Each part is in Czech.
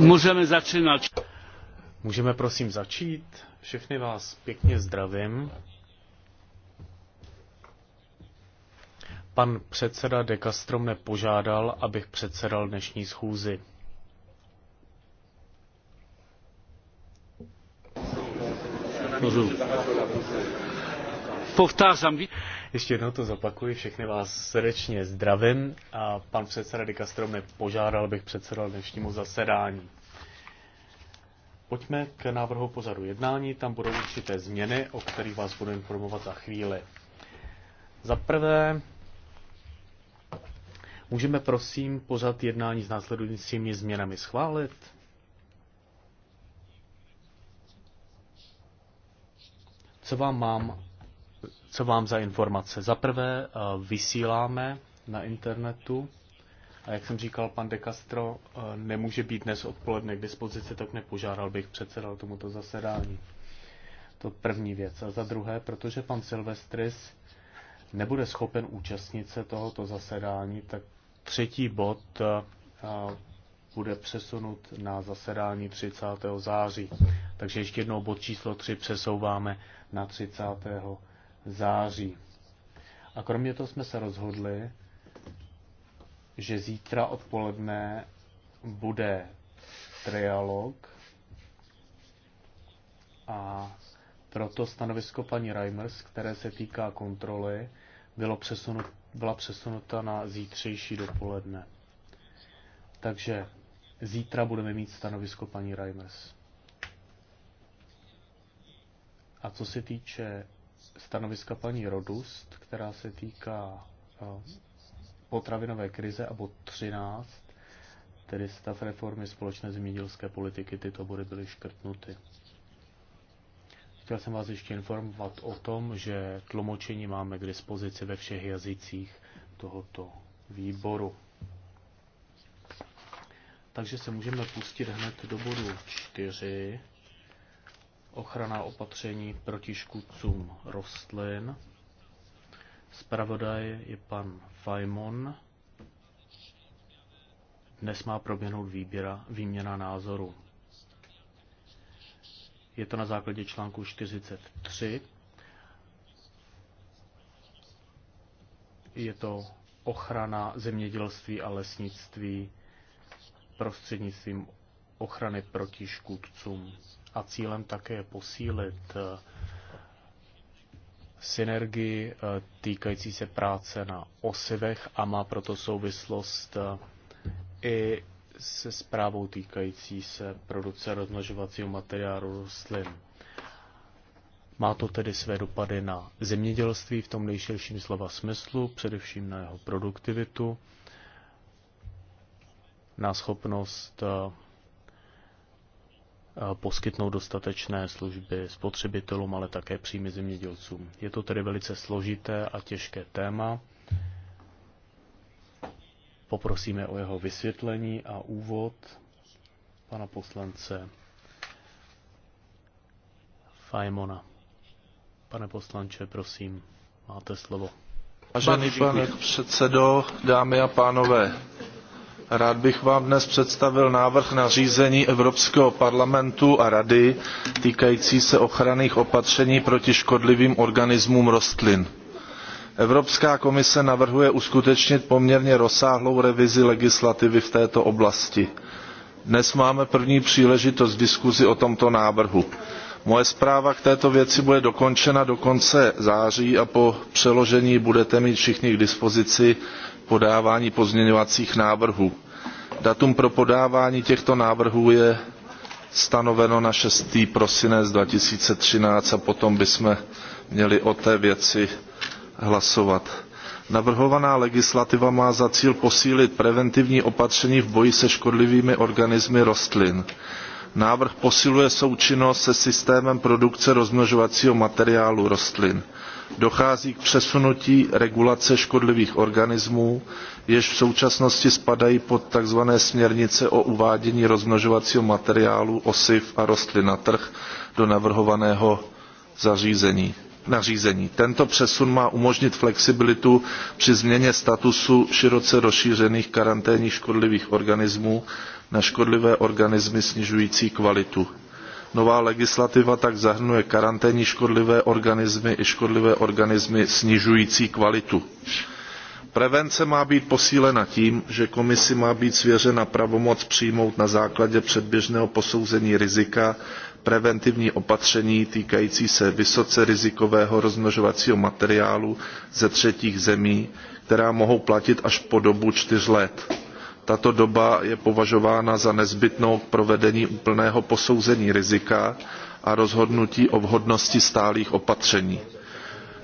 Můžeme začínat. Můžeme prosím začít. Všechny vás pěkně zdravím. Pan předseda De Castro mne požádal, abych předsedal dnešní schůzi. Můžu povtářám. Ještě jednou to zopakuji, všechny vás srdečně zdravím a pan předseda Dikastro mě požádal, abych předsedal dnešnímu zasedání. Pojďme k návrhu pořadu jednání, tam budou určité změny, o kterých vás budu informovat za chvíli. Za prvé, můžeme prosím pořad jednání s následujícími změnami schválit? Co vám mám co vám za informace. Za prvé eh, vysíláme na internetu a jak jsem říkal, pan De Castro eh, nemůže být dnes odpoledne k dispozici, tak nepožádal bych předsedal tomuto zasedání. To první věc. A za druhé, protože pan Silvestris nebude schopen účastnit se tohoto zasedání, tak třetí bod eh, bude přesunut na zasedání 30. září. Takže ještě jednou bod číslo 3 přesouváme na 30 září. A kromě toho jsme se rozhodli, že zítra odpoledne bude trialog a proto stanovisko paní Reimers, které se týká kontroly, bylo přesunut, byla přesunuta na zítřejší dopoledne. Takže zítra budeme mít stanovisko paní Reimers. A co se týče stanoviska paní Rodust, která se týká eh, potravinové krize a bod 13, tedy stav reformy společné zemědělské politiky, tyto body byly škrtnuty. Chtěl jsem vás ještě informovat o tom, že tlumočení máme k dispozici ve všech jazycích tohoto výboru. Takže se můžeme pustit hned do bodu 4 ochrana opatření proti škůdcům rostlin. Spravodaj je pan Fajmon. Dnes má proběhnout výběra, výměna názoru. Je to na základě článku 43. Je to ochrana zemědělství a lesnictví prostřednictvím ochrany proti škůdcům a cílem také je posílit eh, synergii eh, týkající se práce na osivech a má proto souvislost eh, i se zprávou týkající se produkce rozmnožovacího materiálu rostlin. Má to tedy své dopady na zemědělství v tom nejširším slova smyslu, především na jeho produktivitu, na schopnost poskytnout dostatečné služby spotřebitelům, ale také příjmy zemědělcům. Je to tedy velice složité a těžké téma. Poprosíme o jeho vysvětlení a úvod pana poslance Fajmona. Pane poslanče, prosím, máte slovo. Vážený pane předsedo, dámy a pánové, Rád bych vám dnes představil návrh na řízení Evropského parlamentu a rady týkající se ochranných opatření proti škodlivým organismům rostlin. Evropská komise navrhuje uskutečnit poměrně rozsáhlou revizi legislativy v této oblasti. Dnes máme první příležitost diskuzi o tomto návrhu. Moje zpráva k této věci bude dokončena do konce září a po přeložení budete mít všichni k dispozici podávání pozměňovacích návrhů. Datum pro podávání těchto návrhů je stanoveno na 6. prosinec 2013 a potom bychom měli o té věci hlasovat. Navrhovaná legislativa má za cíl posílit preventivní opatření v boji se škodlivými organismy rostlin. Návrh posiluje součinnost se systémem produkce rozmnožovacího materiálu rostlin dochází k přesunutí regulace škodlivých organismů, jež v současnosti spadají pod tzv. směrnice o uvádění rozmnožovacího materiálu osiv a rostlin na trh do navrhovaného zařízení nařízení. Tento přesun má umožnit flexibilitu při změně statusu široce rozšířených karanténních škodlivých organismů na škodlivé organismy snižující kvalitu Nová legislativa tak zahrnuje karanténní škodlivé organismy i škodlivé organismy snižující kvalitu. Prevence má být posílena tím, že komisi má být svěřena pravomoc přijmout na základě předběžného posouzení rizika preventivní opatření týkající se vysoce rizikového rozmnožovacího materiálu ze třetích zemí, která mohou platit až po dobu čtyř let tato doba je považována za nezbytnou k provedení úplného posouzení rizika a rozhodnutí o vhodnosti stálých opatření.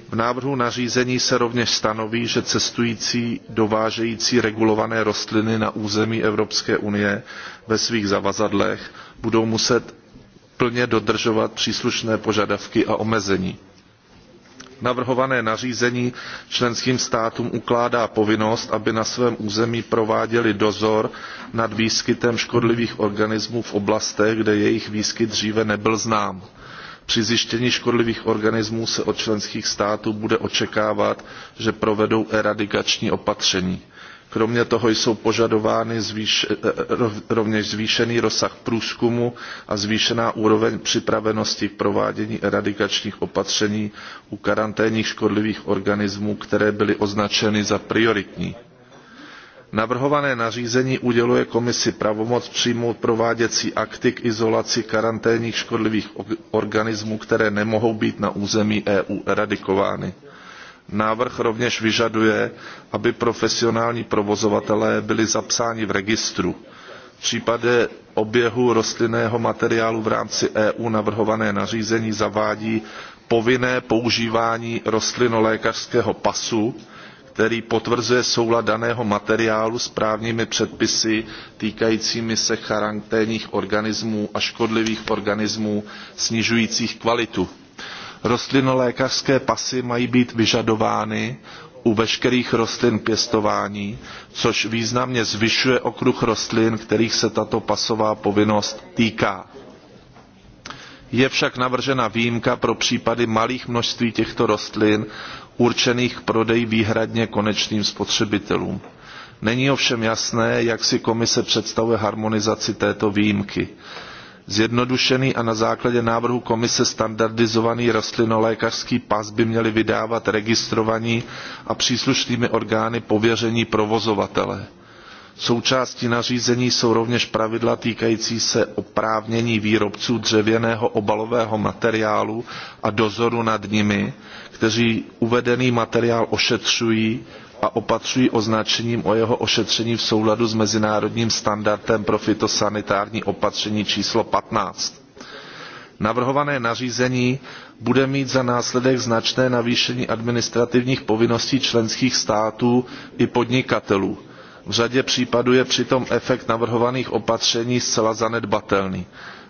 V návrhu nařízení se rovněž stanoví, že cestující dovážející regulované rostliny na území Evropské unie ve svých zavazadlech budou muset plně dodržovat příslušné požadavky a omezení navrhované nařízení členským státům ukládá povinnost aby na svém území prováděly dozor nad výskytem škodlivých organismů v oblastech kde jejich výskyt dříve nebyl znám. při zjištění škodlivých organismů se od členských států bude očekávat že provedou eradikační opatření Kromě toho jsou požadovány eh, eh, rovněž zvýšený rozsah průzkumu a zvýšená úroveň připravenosti provádění eradikačních opatření u karanténních škodlivých organismů, které byly označeny za prioritní. Navrhované nařízení uděluje komisi pravomoc přijmout prováděcí akty k izolaci karanténních škodlivých organismů, které nemohou být na území EU eradikovány Návrh rovněž vyžaduje, aby profesionální provozovatelé byli zapsáni v registru. V případě oběhu rostlinného materiálu v rámci EU navrhované nařízení zavádí povinné používání rostlinolékařského pasu, který potvrzuje soulad daného materiálu s právními předpisy týkajícími se charanténních organismů a škodlivých organismů snižujících kvalitu. Rostlinolékařské pasy mají být vyžadovány u veškerých rostlin pěstování, což významně zvyšuje okruh rostlin, kterých se tato pasová povinnost týká. Je však navržena výjimka pro případy malých množství těchto rostlin určených k prodeji výhradně konečným spotřebitelům. Není ovšem jasné, jak si komise představuje harmonizaci této výjimky. Zjednodušený a na základě návrhu komise standardizovaný rostlinolékařský pas by měli vydávat registrovaní a příslušnými orgány pověření provozovatele. Součástí nařízení jsou rovněž pravidla týkající se oprávnění výrobců dřevěného obalového materiálu a dozoru nad nimi, kteří uvedený materiál ošetřují, a opatřují označením o jeho ošetření v souladu s mezinárodním standardem pro fytosanitární opatření číslo 15. Navrhované nařízení bude mít za následek značné navýšení administrativních povinností členských států i podnikatelů. V řadě případů je přitom efekt navrhovaných opatření zcela zanedbatelný.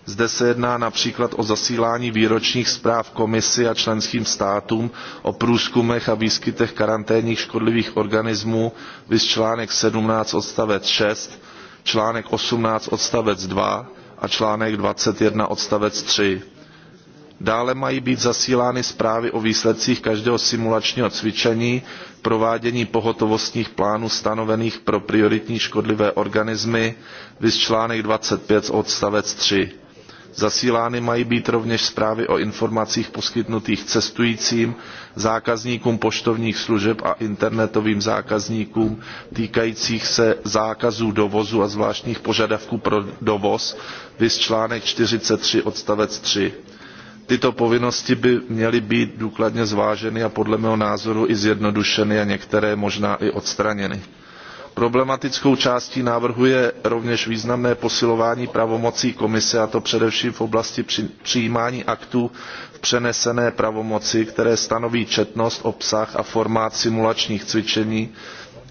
Zde se jedná například o zasílání výročních zpráv komisi a členským státům o průzkumech a výskytech karanténních škodlivých organismů, vys článek 17 odstavec 6, článek 18 odstavec 2 a článek 21 odstavec 3. Dále mají být zasílány zprávy o výsledcích každého simulačního cvičení, provádění pohotovostních plánů stanovených pro prioritní škodlivé organismy, vys článek 25 odstavec 3. Zasílány mají být rovněž zprávy o informacích poskytnutých cestujícím, zákazníkům poštovních služeb a internetovým zákazníkům týkajících se zákazů dovozu a zvláštních požadavků pro dovoz, vys článek three odstavec 3. Tyto povinnosti by měly být důkladně zváženy a podle mého názoru i zjednodušeny a některé možná i odstraněny problematickou částí návrhu je rovněž významné posilování pravomocí komise a to především v oblasti přijímání aktů v přenesené pravomoci které stanoví četnost obsah a formát simulačních cvičení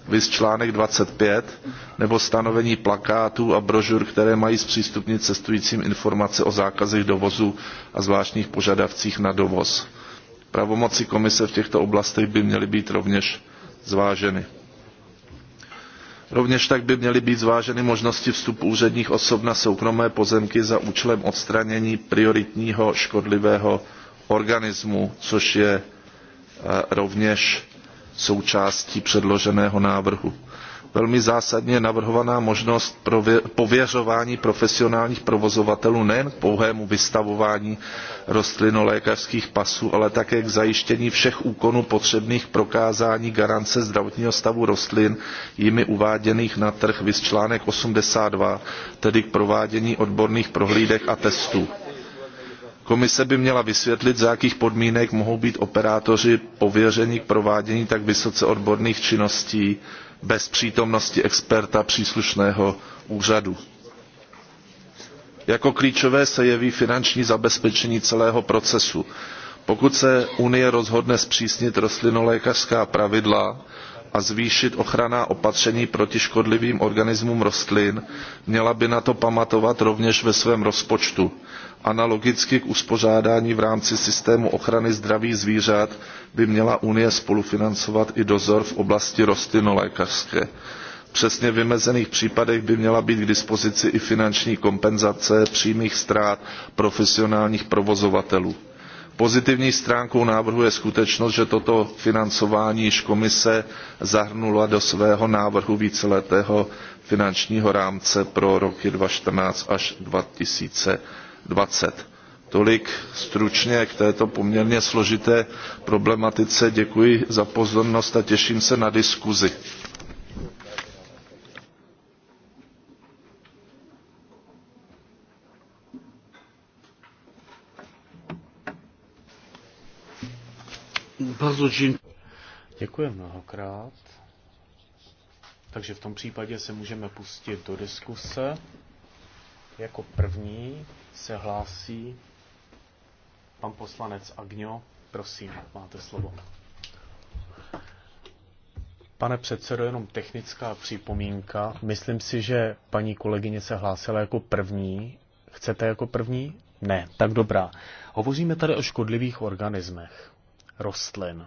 viz článek 25, nebo stanovení plakátů a brožur, které mají zpřístupnit cestujícím informace o zákazech dovozu a zvláštních požadavcích na dovoz. Pravomoci komise v těchto oblastech by měly být rovněž zváženy. Rovněž tak by měly být zváženy možnosti vstupu úředních osob na soukromé pozemky za účelem odstranění prioritního škodlivého organismu, což je eh, rovněž součástí předloženého návrhu velmi zásadně navrhovaná možnost pověřování profesionálních provozovatelů nejen k pouhému vystavování rostlinolékařských pasů, ale také k zajištění všech úkonů potřebných k prokázání garance zdravotního stavu rostlin jimi uváděných na trh, vys článek 82, tedy k provádění odborných prohlídek a testů. Komise by měla vysvětlit, za jakých podmínek mohou být operátoři pověřeni k provádění tak vysoce odborných činností, bez přítomnosti experta příslušného úřadu. Jako klíčové se jeví finanční zabezpečení celého procesu. Pokud se Unie rozhodne zpřísnit rostlinolékařská pravidla a zvýšit ochranná opatření proti škodlivým organismům rostlin, měla by na to pamatovat rovněž ve svém rozpočtu Analogicky k uspořádání v rámci systému ochrany zdraví zvířat by měla Unie spolufinancovat i dozor v oblasti rostlinolékařské. V přesně vymezených případech by měla být k dispozici i finanční kompenzace přímých ztrát profesionálních provozovatelů. Pozitivní stránkou návrhu je skutečnost, že toto financování již komise zahrnula do svého návrhu víceletého finančního rámce pro roky 2014 až 2020 twenty tolik stručně k této poměrně složité problematice děkuji za pozornost a těším se na diskusi. Děkuji mnohokrát. Takže v tom případě se můžeme pustit do diskuse. Jako první se hlásí pan poslanec Agňo. Prosím, máte slovo. Pane předsedo, jenom technická připomínka. Myslím si, že paní kolegyně se hlásila jako první. Chcete jako první? Ne, tak dobrá. Hovoříme tady o škodlivých organismech rostlin.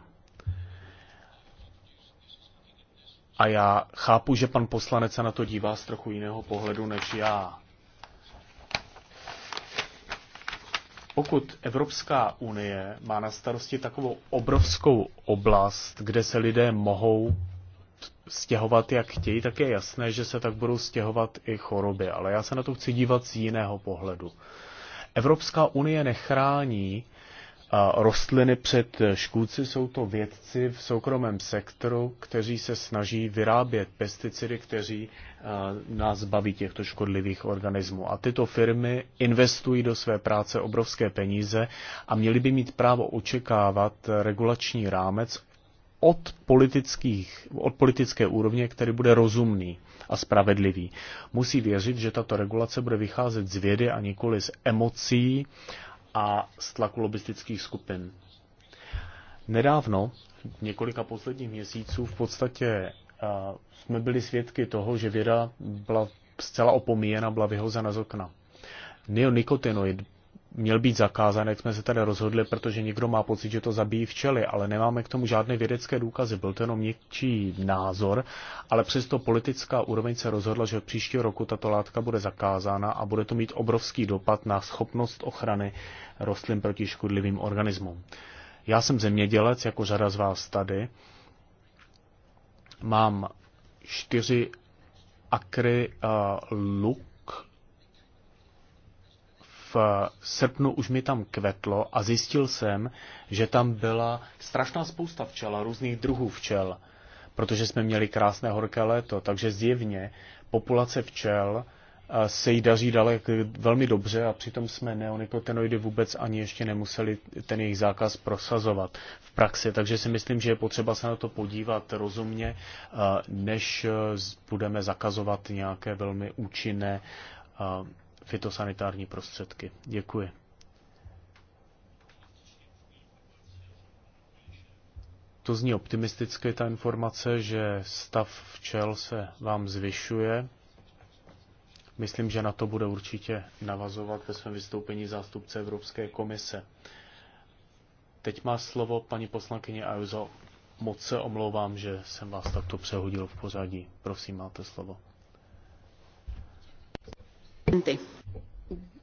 A já chápu, že pan poslanec se na to dívá z trochu jiného pohledu než já. Pokud Evropská unie má na starosti takovou obrovskou oblast, kde se lidé mohou stěhovat, jak chtějí, tak je jasné, že se tak budou stěhovat i choroby. Ale já se na to chci dívat z jiného pohledu. Evropská unie nechrání rostliny před škůdci, jsou to vědci v soukromém sektoru, kteří se snaží vyrábět pesticidy, kteří nás baví těchto škodlivých organismů. A tyto firmy investují do své práce obrovské peníze a měly by mít právo očekávat regulační rámec od, politických, od politické úrovně, který bude rozumný a spravedlivý. Musí věřit, že tato regulace bude vycházet z vědy a nikoli z emocí a z tlaku lobistických skupin. Nedávno, několika posledních měsíců, v podstatě uh, jsme byli svědky toho, že věda byla zcela opomíjena, byla vyhozena z okna. Neonikotinoid měl být zakázán, jak jsme se tady rozhodli, protože někdo má pocit, že to zabíjí včely, ale nemáme k tomu žádné vědecké důkazy. Byl to jenom někčí názor, ale přesto politická úroveň se rozhodla, že od příštího roku tato látka bude zakázána a bude to mít obrovský dopad na schopnost ochrany rostlin proti škodlivým organismům. Já jsem zemědělec, jako řada z vás tady. Mám čtyři akry uh, luk v eh, srpnu už mi tam kvetlo a zjistil jsem, že tam byla strašná spousta včel a různých druhů včel, protože jsme měli krásné horké léto, takže zjevně populace včel eh, se jí daří dalek velmi dobře a přitom jsme neonikotenoidy vůbec ani ještě nemuseli ten jejich zákaz prosazovat v praxi. Takže si myslím, že je potřeba se na to podívat rozumně, eh, než budeme zakazovat nějaké velmi účinné fitosanitární prostředky. Děkuji. To zní optimisticky, ta informace, že stav včel se vám zvyšuje. Myslím, že na to bude určitě navazovat ve svém vystoupení zástupce Evropské komise. Teď má slovo paní poslankyně Ajuzo. Moc se omlouvám, že jsem vás takto přehodil v pořadí. Prosím, máte slovo.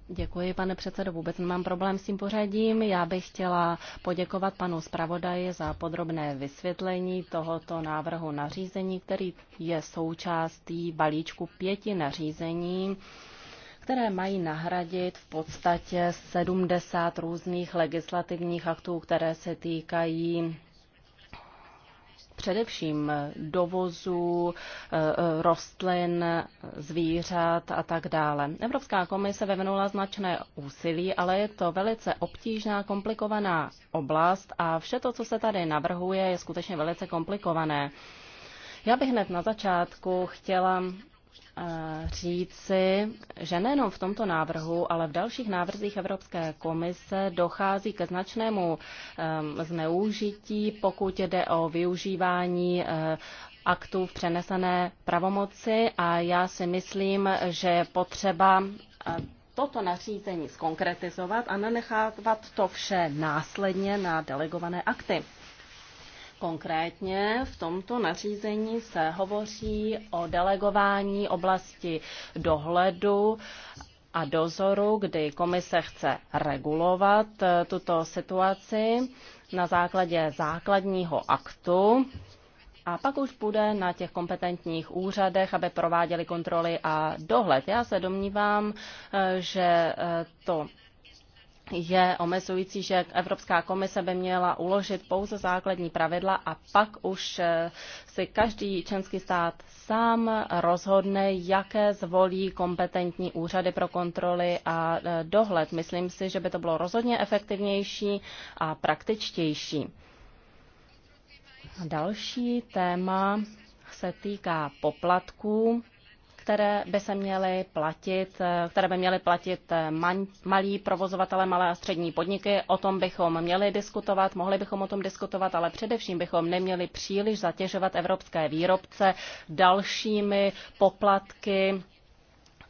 Děkuji, pane předsedo. Vůbec nemám problém s tím pořadím. Já bych chtěla poděkovat panu zpravodaji za podrobné vysvětlení tohoto návrhu nařízení, který je součástí balíčku pěti nařízení které mají nahradit v podstatě 70 různých legislativních aktů, které se týkají především dovozu eh, eh, rostlin, zvířat a tak dále. Evropská komise vyvinula značné úsilí, ale je to velice obtížná, komplikovaná oblast a vše to, co se tady navrhuje, je skutečně velice komplikované. Já bych hned na začátku chtěla říci, že nejenom v tomto návrhu, ale v dalších návrzích Evropské komise dochází ke značnému zneužití, pokud jde o využívání e, aktů v přenesené pravomoci a já si myslím, že je potřeba e, toto nařízení skonkretizovat a nenechávat to vše následně na delegované akty. Konkrétně v tomto nařízení se hovoří o delegování oblasti dohledu a dozoru, kdy komise chce regulovat eh, tuto situaci na základě základního aktu. A pak už bude na těch kompetentních úřadech, aby prováděli kontroly a dohled. Já se domnívám, eh, že eh, to je omezující, že Evropská komise by měla uložit pouze základní pravidla a pak už eh, si každý členský stát sám rozhodne, jaké zvolí kompetentní úřady pro kontroly a eh, dohled. Myslím si, že by to bylo rozhodně efektivnější a praktičtější. Další téma se týká poplatků které by se měly platit, eh, které by měly platit eh, malí provozovatele, malé a střední podniky. O tom bychom měli diskutovat, mohli bychom o tom diskutovat, ale především bychom neměli příliš zatěžovat evropské výrobce dalšími poplatky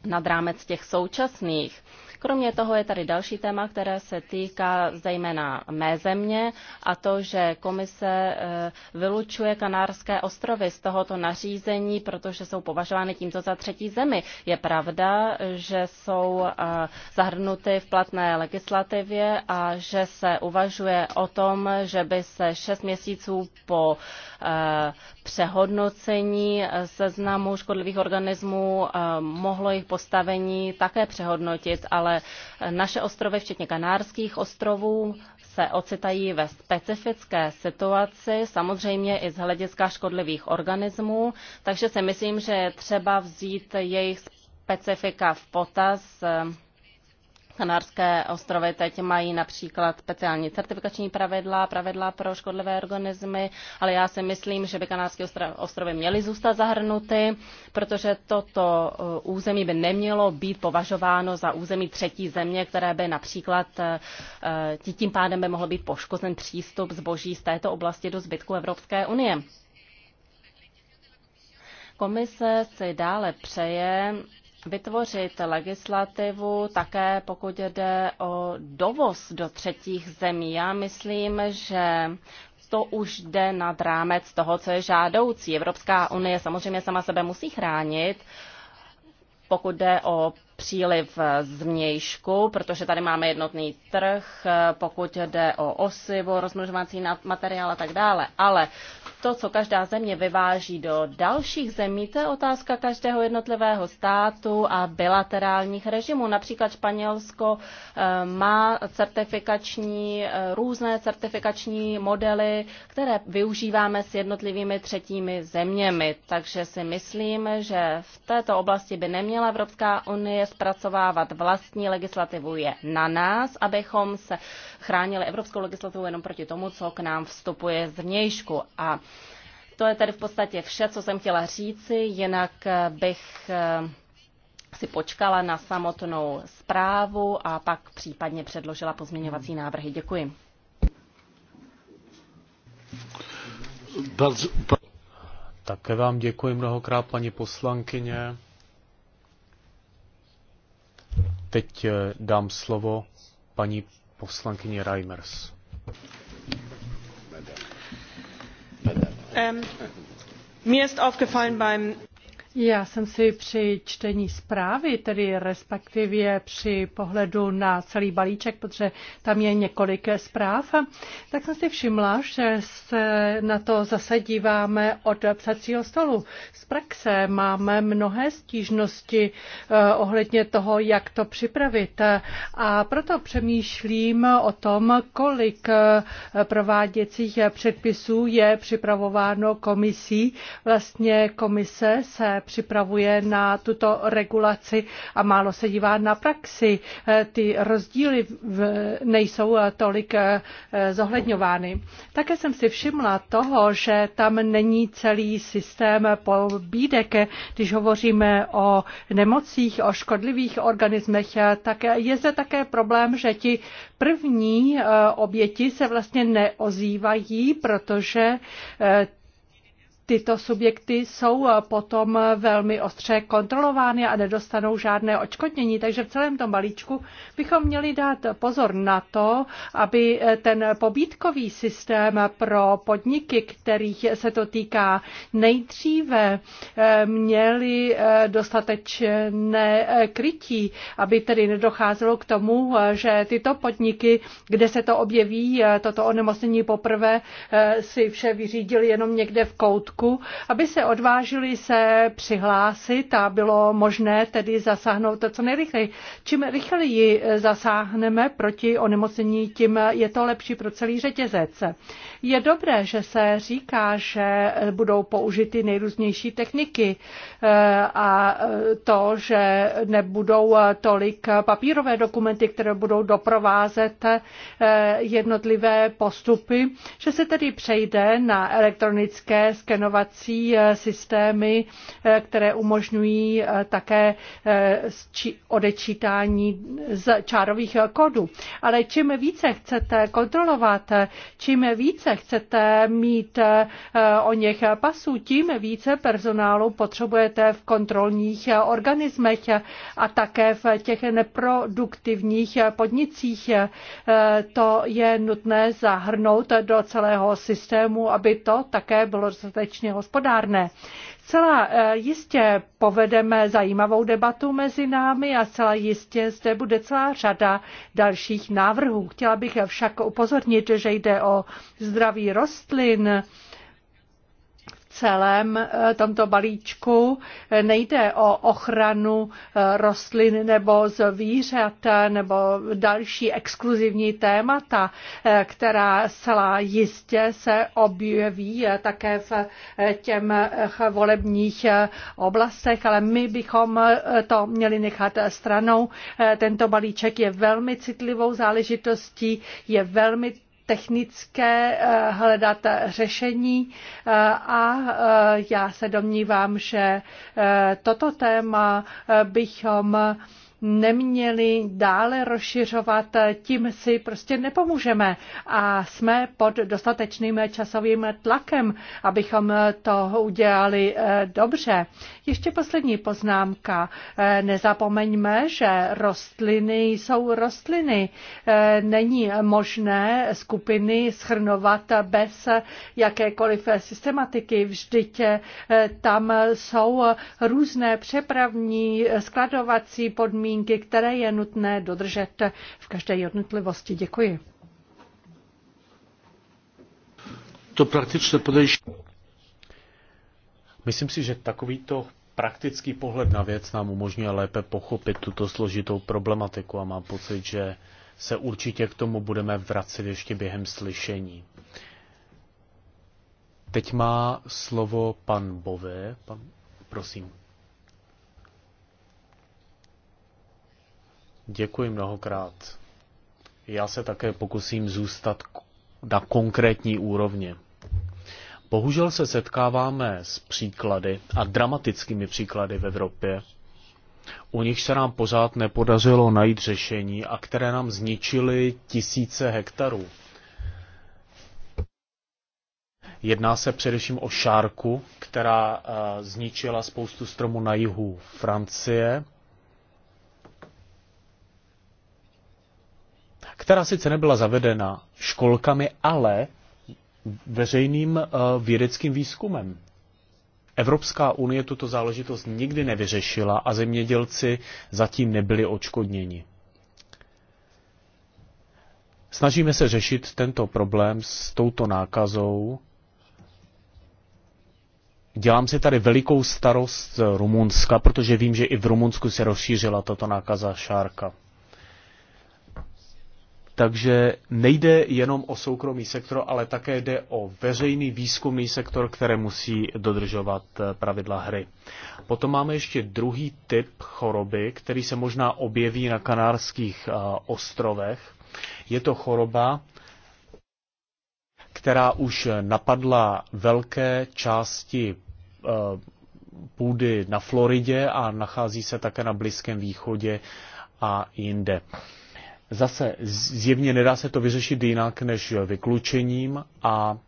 nad rámec těch současných. Kromě toho je tady další téma, které se týká zejména mé země a to, že komise eh, vylučuje Kanárské ostrovy z tohoto nařízení, protože jsou považovány tímto za třetí zemi. Je pravda, že jsou eh, zahrnuty v platné legislativě a že se uvažuje o tom, že by se šest měsíců po eh, přehodnocení seznamu škodlivých organismů mohlo jejich postavení také přehodnotit, ale ale naše ostrovy, včetně Kanárských ostrovů, se ocitají ve specifické situaci, samozřejmě i z hlediska škodlivých organismů, takže si myslím, že je třeba vzít jejich specifika v potaz Kanárské ostrovy teď mají například speciální certifikační pravidla, pravidla pro škodlivé organismy, ale já si myslím, že by Kanárské ostrovy měly zůstat zahrnuty, protože toto uh, území by nemělo být považováno za území třetí země, které by například uh, tím pádem by mohl být poškozen přístup zboží z této oblasti do zbytku Evropské unie. Komise si dále přeje vytvořit legislativu také pokud jde o dovoz do třetích zemí. Já myslím, že to už jde nad rámec toho, co je žádoucí. Evropská unie samozřejmě sama sebe musí chránit, pokud jde o příliv eh, zvnějšku, protože tady máme jednotný trh, eh, pokud jde o osivo, rozmnožovací materiál a tak dále. Ale to, co každá země vyváží do dalších zemí, to je otázka každého jednotlivého státu a bilaterálních režimů. Například Španělsko eh, má certifikační, různé certifikační modely, které využíváme s jednotlivými třetími zeměmi. Takže si myslím, že v této oblasti by neměla Evropská unie zpracovávat vlastní legislativu, je na nás, abychom se chránili evropskou legislativu jenom proti tomu, co k nám vstupuje z vnějšku. A to je tedy v podstatě vše, co jsem chtěla říci, jinak eh, bych eh, si počkala na samotnou zprávu a pak případně předložila pozměňovací návrhy. Děkuji. Také vám děkuji mnohokrát, paní poslankyně. Teď eh, dám slovo paní poslankyni Reimers. Um, mir ist aufgefallen beim já jsem si při čtení zprávy, tedy respektive při pohledu na celý balíček, protože tam je několik zpráv, tak jsem si všimla, že se na to zase díváme od psacího stolu. Z praxe máme mnohé stížnosti eh, ohledně toho, jak to připravit. A proto přemýšlím o tom, kolik eh, prováděcích předpisů je připravováno komisí. Vlastně komise se připravuje na tuto regulaci a málo se dívá na praxi. Eh, ty rozdíly nejsou eh, tolik eh, zohledňovány. Také jsem si všimla toho, že tam není celý systém pobídek. Když hovoříme o nemocích, o škodlivých organismech, tak je zde také problém, že ti první oběti se vlastně neozývají, protože tyto subjekty jsou potom velmi ostře kontrolovány a nedostanou žádné očkodnění. Takže v celém tom balíčku bychom měli dát pozor na to, aby ten pobídkový systém pro podniky, kterých se to týká nejdříve, eh, měli eh, dostatečné eh, krytí, aby tedy nedocházelo k tomu, že tyto podniky, kde se to objeví, toto onemocnění poprvé, si vše vyřídili jenom někde v koutku pořádku, aby se odvážili se přihlásit a bylo možné tedy zasáhnout to co nejrychleji. Čím rychleji zasáhneme proti onemocnění, tím je to lepší pro celý řetězec. Je dobré, že se říká, že budou použity nejrůznější techniky eh, a to, že nebudou tolik papírové dokumenty, které budou doprovázet eh, jednotlivé postupy, že se tedy přejde na elektronické skenování skenovací eh, systémy, eh, které umožňují eh, také odečítání z čárových kódů. Ale čím více chcete kontrolovat, čím více chcete mít o něch pasů, tím více personálu potřebujete v kontrolních organismech a také v těch neproduktivních podnicích. To je nutné zahrnout do celého systému, aby to také bylo dostatečné společně hospodárné. Celá eh, jistě povedeme zajímavou debatu mezi námi a celá jistě zde bude celá řada dalších návrhů. Chtěla bych však upozornit, že jde o zdraví rostlin, celém eh, tomto balíčku. Nejde o ochranu eh, rostlin nebo zvířat eh, nebo další exkluzivní témata, která celá jistě se objeví také v těm volebních oblastech, ale my bychom to měli nechat stranou. Tento balíček je velmi citlivou záležitostí, je velmi technické, eh, hledat řešení eh, a eh, já se domnívám, že toto téma bychom neměli dále rozšiřovat, tím si prostě nepomůžeme. A jsme pod dostatečným časovým tlakem, abychom to udělali eh, dobře. Ještě poslední poznámka. Eh, nezapomeňme, že rostliny jsou rostliny. Eh, není možné skupiny schrnovat bez jakékoliv systematiky. Vždyť tam jsou různé přepravní, skladovací podmínky, podmínky, které je nutné dodržet v každé jednotlivosti. Děkuji. To praktické podejší. Myslím si, že takovýto praktický pohled na věc nám umožní lépe pochopit tuto složitou problematiku a mám pocit, že se určitě k tomu budeme vracet ještě během slyšení. Teď má slovo pan Bové. Pan, prosím. Děkuji mnohokrát. Já se také pokusím zůstat na konkrétní úrovni. Bohužel se setkáváme s příklady a dramatickými příklady v Evropě, u nich se nám pořád nepodařilo najít řešení a které nám zničily tisíce hektarů. Jedná se především o šárku, která eh, zničila spoustu stromů na jihu Francie, která sice nebyla zavedena školkami, ale veřejným eh, vědeckým výzkumem. Evropská unie tuto záležitost nikdy nevyřešila a zemědělci zatím nebyli očkodněni. Snažíme se řešit tento problém s touto nákazou. Dělám si tady velikou starost z Rumunska, protože vím, že i v Rumunsku se rozšířila tato nákaza šárka. Takže nejde jenom o soukromý sektor, ale také jde o veřejný výzkumný sektor, které musí dodržovat eh, pravidla hry. Potom máme ještě druhý typ choroby, který se možná objeví na kanárských eh, ostrovech. Je to choroba, která už napadla velké části eh, půdy na Floridě a nachází se také na Blízkém východě a jinde. Zase zjevně nedá se to vyřešit jinak než vyklučením a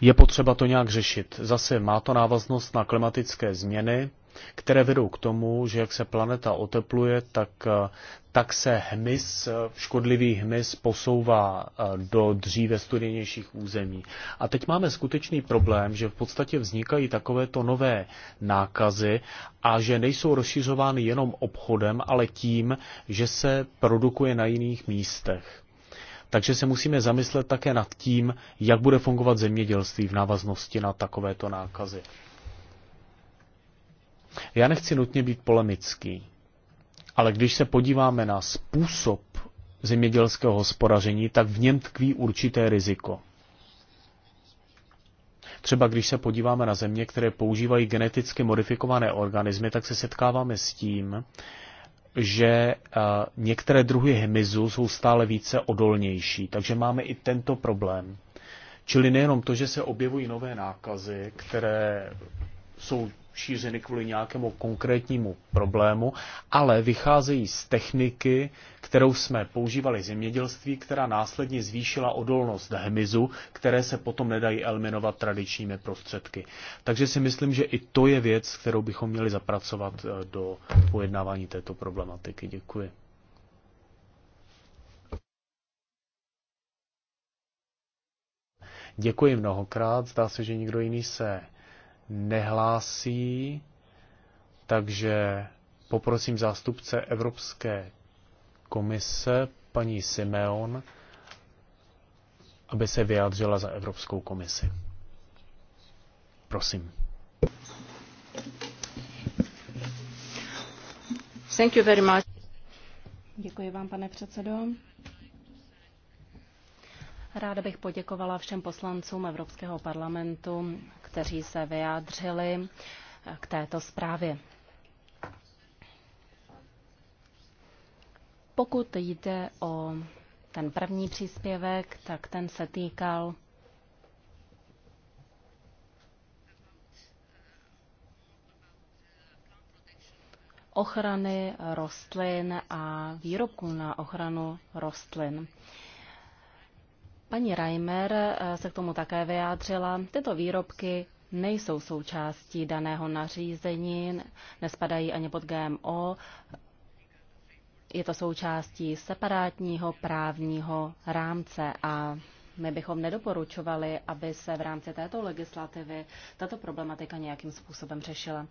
je potřeba to nějak řešit. Zase má to návaznost na klimatické změny, které vedou k tomu, že jak se planeta otepluje, tak tak se hmyz, škodlivý hmyz posouvá eh, do dříve studenějších území. A teď máme skutečný problém, že v podstatě vznikají takovéto nové nákazy a že nejsou rozšiřovány jenom obchodem, ale tím, že se produkuje na jiných místech. Takže se musíme zamyslet také nad tím, jak bude fungovat zemědělství v návaznosti na takovéto nákazy. Já nechci nutně být polemický ale když se podíváme na způsob zemědělského hospodaření, tak v něm tkví určité riziko. Třeba když se podíváme na země, které používají geneticky modifikované organismy, tak se setkáváme s tím, že eh, některé druhy hmyzu jsou stále více odolnější. Takže máme i tento problém. Čili nejenom to, že se objevují nové nákazy, které jsou šířeny kvůli nějakému konkrétnímu problému, ale vycházejí z techniky, kterou jsme používali v zemědělství, která následně zvýšila odolnost hmyzu, které se potom nedají eliminovat tradičními prostředky. Takže si myslím, že i to je věc, kterou bychom měli zapracovat eh, do pojednávání této problematiky. Děkuji. Děkuji mnohokrát. Zdá se, že nikdo jiný se nehlásí, takže poprosím zástupce Evropské komise, paní Simeon, aby se vyjádřila za Evropskou komisi. Prosím. Thank you very much. Děkuji vám, pane předsedo. Ráda bych poděkovala všem poslancům Evropského parlamentu, kteří se vyjádřili k této zprávě. Pokud jde o ten první příspěvek, tak ten se týkal ochrany rostlin a výrobků na ochranu rostlin. Paní Reimer eh, se k tomu také vyjádřila. Tyto výrobky nejsou součástí daného nařízení, nespadají ani pod GMO. Je to součástí separátního právního rámce a my bychom nedoporučovali, aby se v rámci této legislativy tato problematika nějakým způsobem řešila.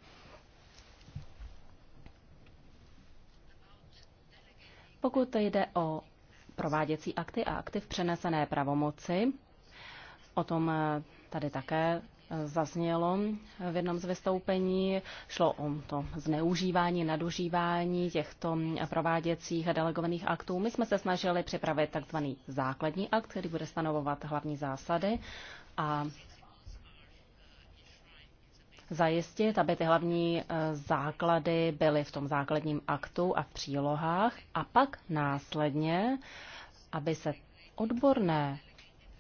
Pokud jde o prováděcí akty a akty v přenesené pravomoci. O tom eh, tady také eh, zaznělo v jednom z vystoupení. Šlo o to zneužívání, nadužívání těchto eh, prováděcích a delegovaných aktů. My jsme se snažili připravit takzvaný základní akt, který bude stanovovat hlavní zásady a zajistit, aby ty hlavní eh, základy byly v tom základním aktu a v přílohách a pak následně, aby se odborné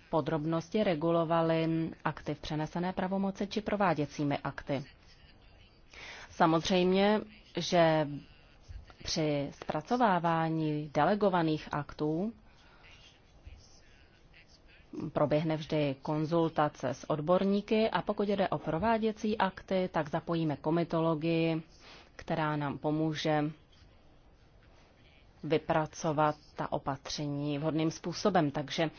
podrobnosti regulovaly akty v přenesené pravomoci či prováděcími akty. Samozřejmě, že při zpracovávání delegovaných aktů proběhne vždy konzultace s odborníky a pokud jde o prováděcí akty, tak zapojíme komitologii, která nám pomůže vypracovat ta opatření vhodným způsobem. Takže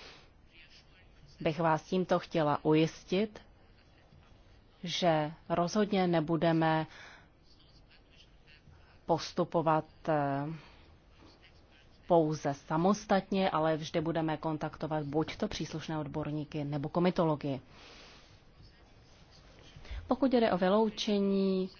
bych vás tímto chtěla ujistit, že rozhodně nebudeme postupovat eh, pouze samostatně, ale vždy budeme kontaktovat buď to příslušné odborníky nebo komitology. Pokud jde o vyloučení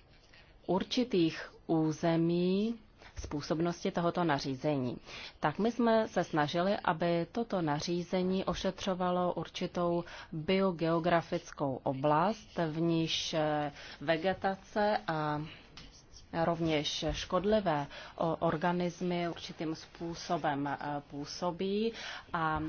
určitých území způsobnosti tohoto nařízení, tak my jsme se snažili, aby toto nařízení ošetřovalo určitou biogeografickou oblast, v níž eh, vegetace a rovněž škodlivé organismy určitým způsobem eh, působí a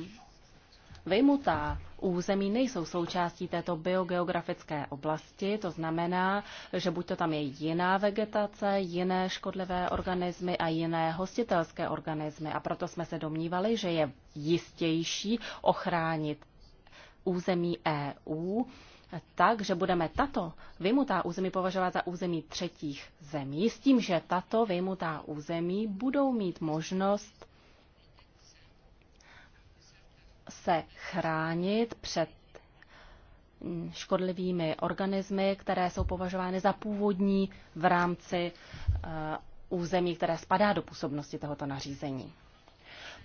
Vyjmutá území nejsou součástí této biogeografické oblasti, to znamená, že buď to tam je jiná vegetace, jiné škodlivé organismy a jiné hostitelské organismy. A proto jsme se domnívali, že je jistější ochránit území EU tak, že budeme tato vymutá území považovat za území třetích zemí, s tím, že tato vymutá území budou mít možnost se chránit před škodlivými organismy, které jsou považovány za původní v rámci eh, území, které spadá do působnosti tohoto nařízení.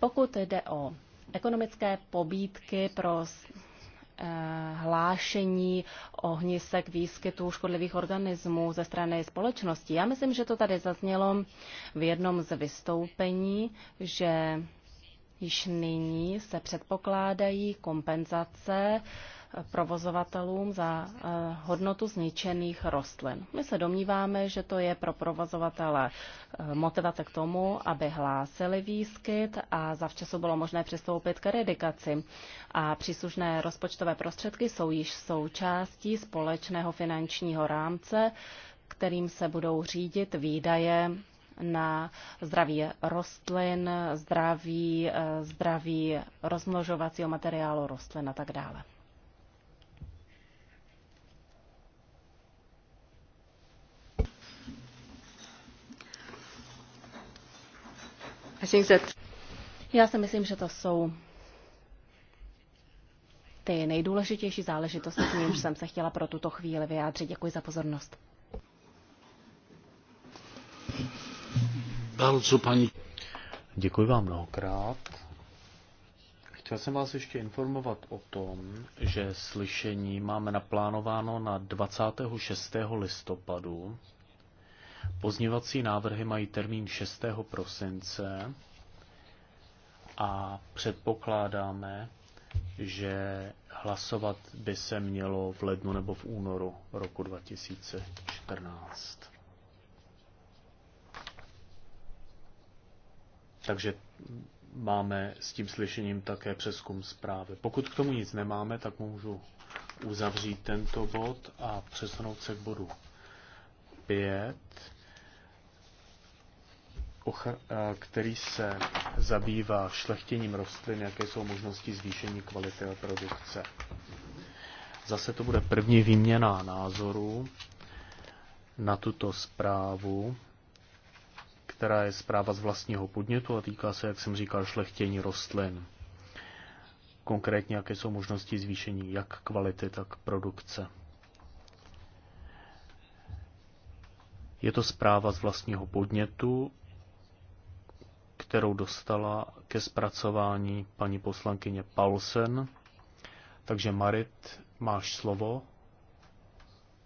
Pokud jde o ekonomické pobídky pro hlášení ohnisek výskytu škodlivých organismů ze strany společnosti. Já myslím, že to tady zaznělo v jednom z vystoupení, že již nyní se předpokládají kompenzace uh, provozovatelům za eh, hodnotu zničených rostlin. My se domníváme, že to je pro provozovatele eh, motivace k tomu, aby hlásili výskyt a zavčasu bylo možné přistoupit k redikaci. A příslušné rozpočtové prostředky jsou již součástí společného finančního rámce, kterým se budou řídit výdaje na zdraví rostlin, zdraví, eh, zdraví rozmnožovacího materiálu rostlin a tak dále. Já si myslím, že to jsou ty nejdůležitější záležitosti, k nímž jsem se chtěla pro tuto chvíli vyjádřit. Děkuji za pozornost. Děkuji vám mnohokrát. Chtěl jsem vás ještě informovat o tom, že slyšení máme naplánováno na 26. listopadu Pozněvací návrhy mají termín 6. prosince a předpokládáme, že hlasovat by se mělo v lednu nebo v únoru roku 2014. Takže máme s tím slyšením také přeskum zprávy. Pokud k tomu nic nemáme, tak můžu uzavřít tento bod a přesunout se k bodu 5. Eh, který se zabývá šlechtěním rostlin, jaké jsou možnosti zvýšení kvality a produkce. Zase to bude první výměna názorů na tuto zprávu, která je zpráva z vlastního podnětu a týká se, jak jsem říkal, šlechtění rostlin. Konkrétně, jaké jsou možnosti zvýšení jak kvality, tak produkce. Je to zpráva z vlastního podnětu kterou dostala ke zpracování paní poslankyně Paulsen. Takže Marit, máš slovo.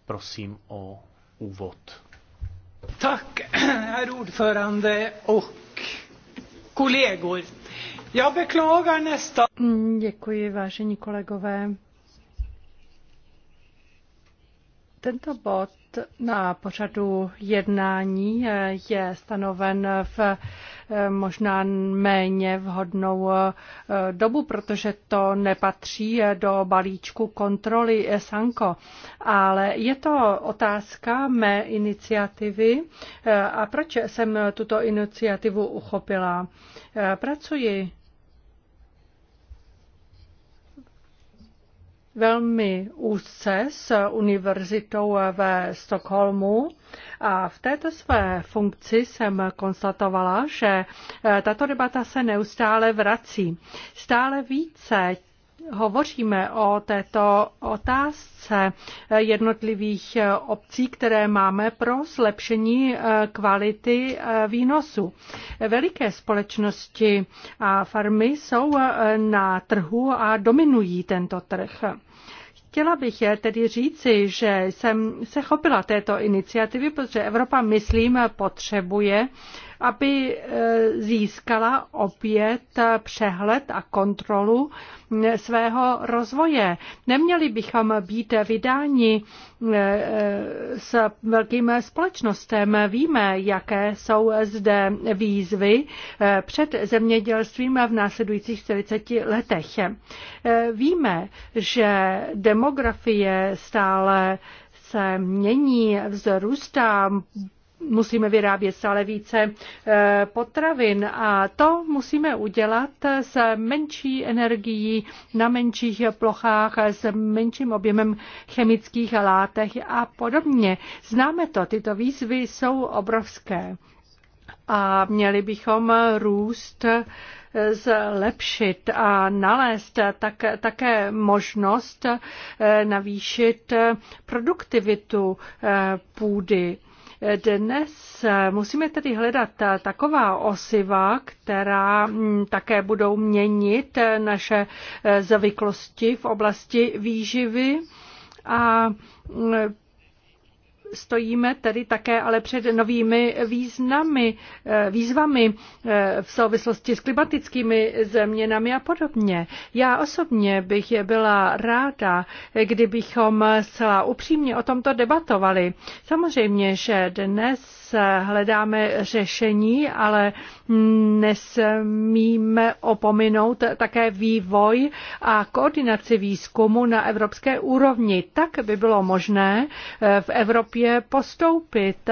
Prosím o úvod. Tak, herr ordförande och kollegor. Já beklagar nästa... Děkuji, vážení kolegové. Tento bod na pořadu jednání je stanoven v Eh, možná méně vhodnou eh, dobu, protože to nepatří eh, do balíčku kontroly Sanko. Ale je to otázka mé iniciativy a proč jsem tuto iniciativu uchopila. Pracuji velmi úzce s univerzitou ve Stockholmu a v této své funkci jsem konstatovala, že eh, tato debata se neustále vrací. Stále více hovoříme o této otázce jednotlivých obcí, které máme pro zlepšení eh, kvality eh, výnosu. Veliké společnosti a farmy jsou eh, na trhu a dominují tento trh chtěla bych tedy říci, že jsem se chopila této iniciativy, protože Evropa, myslím, potřebuje aby e, získala opět přehled a kontrolu svého rozvoje. Neměli bychom být vydáni e, e, s velkým společnostem. Víme, jaké jsou zde výzvy před zemědělstvím v následujících 40 letech. Víme, že demografie stále se mění, vzrůstá, musíme vyrábět stále více eh, potravin a to musíme udělat s menší energií, na menších plochách, s menším objemem chemických látek a podobně. Známe to, tyto výzvy jsou obrovské a měli bychom růst eh, zlepšit a nalézt tak, také možnost eh, navýšit produktivitu půdy dnes eh, musíme tedy hledat eh, taková osiva, která mm, také budou měnit eh, naše zvyklosti v oblasti výživy a mm, Stojíme tedy také ale před novými významy, eh, výzvami eh, v souvislosti s klimatickými změnami a podobně. Já osobně bych byla ráda, kdybychom zcela upřímně o tomto debatovali. Samozřejmě, že dnes hledáme řešení, ale nesmíme opominout také vývoj a koordinaci výzkumu na evropské úrovni. Tak by bylo možné eh, v Evropě postoupit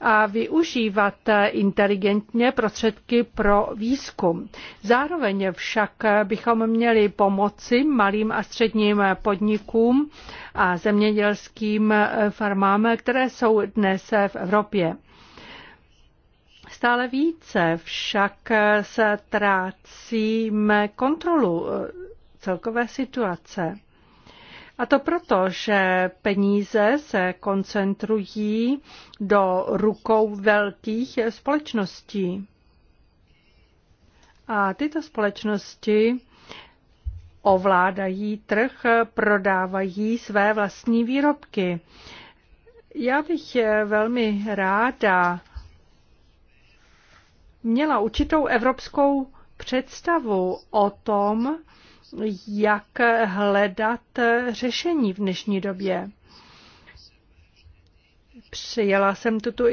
a využívat inteligentně prostředky pro výzkum. Zároveň však bychom měli pomoci malým a středním podnikům a zemědělským farmám, které jsou dnes v Evropě stále více, však se trácíme kontrolu eh, celkové situace. A to proto, že peníze se koncentrují do rukou velkých společností. A tyto společnosti ovládají trh, prodávají své vlastní výrobky. Já bych velmi ráda měla určitou evropskou představu o tom, jak hledat řešení v dnešní době. Přijela jsem tuto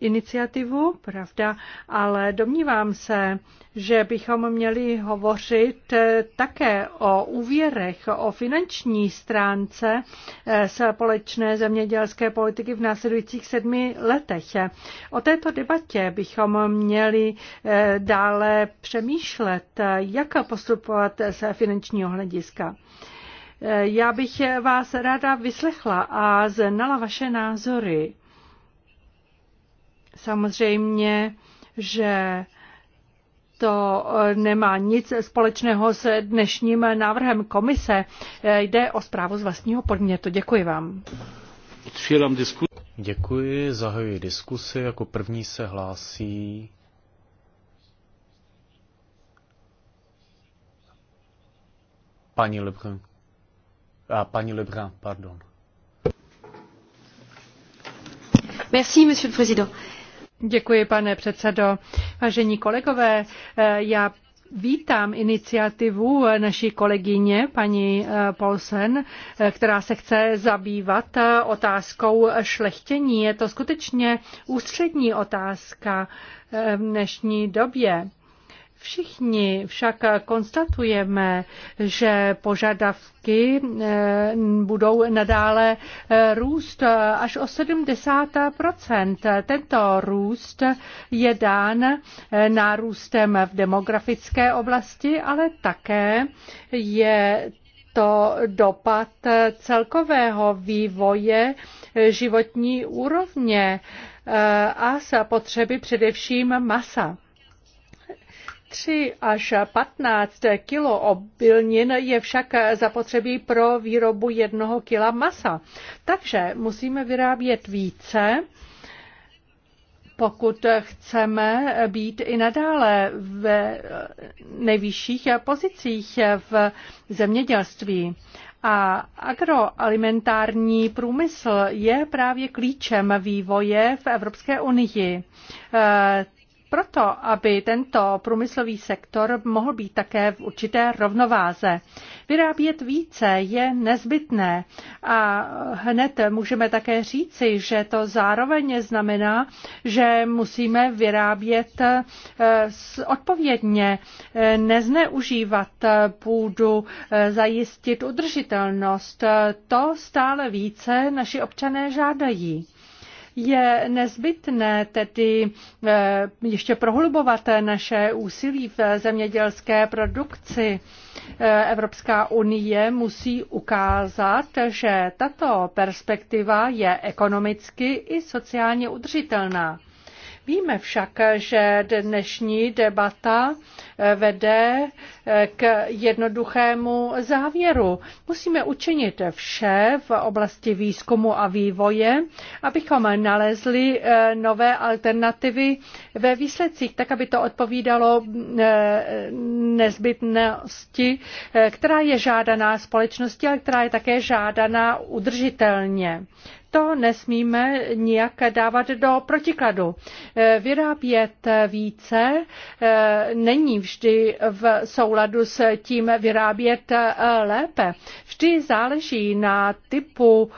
iniciativu, pravda, ale domnívám se, že bychom měli hovořit eh, také o úvěrech, o finanční stránce eh, společné zemědělské politiky v následujících sedmi letech. O této debatě bychom měli eh, dále přemýšlet, jak postupovat se finančního hlediska. Já bych vás ráda vyslechla a znala vaše názory. Samozřejmě, že to e, nemá nic společného s dnešním návrhem komise. E, jde o zprávu z vlastního podmětu. Děkuji vám. Děkuji, zahajuji diskusi. Jako první se hlásí paní Lebrun. A paní Lebrun, pardon. Merci, monsieur le président pane předsedo. kolegové, eh, já Vítám iniciativu naší kolegyně, paní eh, Polsen, eh, která se chce zabývat otázkou šlechtění. Je to skutečně ústřední otázka v dnešní době. Všichni však konstatujeme, že požadavky eh, budou nadále eh, růst až o 70 Tento růst je dán eh, nárůstem v demografické oblasti, ale také je to dopad celkového vývoje životní úrovně a potřeby především masa. 3 až 15 kilo obilnin je však zapotřebí pro výrobu jednoho kila masa. Takže musíme vyrábět více, pokud chceme být i nadále v nejvyšších pozicích v zemědělství. A agroalimentární průmysl je právě klíčem vývoje v Evropské unii proto, aby tento průmyslový sektor mohl být také v určité rovnováze. Vyrábět více je nezbytné a hned můžeme také říci, že to zároveň znamená, že musíme vyrábět eh, odpovědně, eh, nezneužívat půdu, eh, zajistit udržitelnost. To stále více naši občané žádají. Je nezbytné tedy eh, ještě prohlubovat naše úsilí v zemědělské produkci. Eh, Evropská unie musí ukázat, že tato perspektiva je ekonomicky i sociálně udržitelná. Víme však, že dnešní debata eh, vede eh, k jednoduchému závěru. Musíme učinit vše v oblasti výzkumu a vývoje, abychom nalezli eh, nové alternativy ve výsledcích, tak aby to odpovídalo nezbytnosti, která je žádaná společnosti, ale která je také žádaná udržitelně. To nesmíme nijak dávat do protikladu. Eh, vyrábět více eh, není vždy v souladu s tím vyrábět eh, lépe. Vždy záleží na typu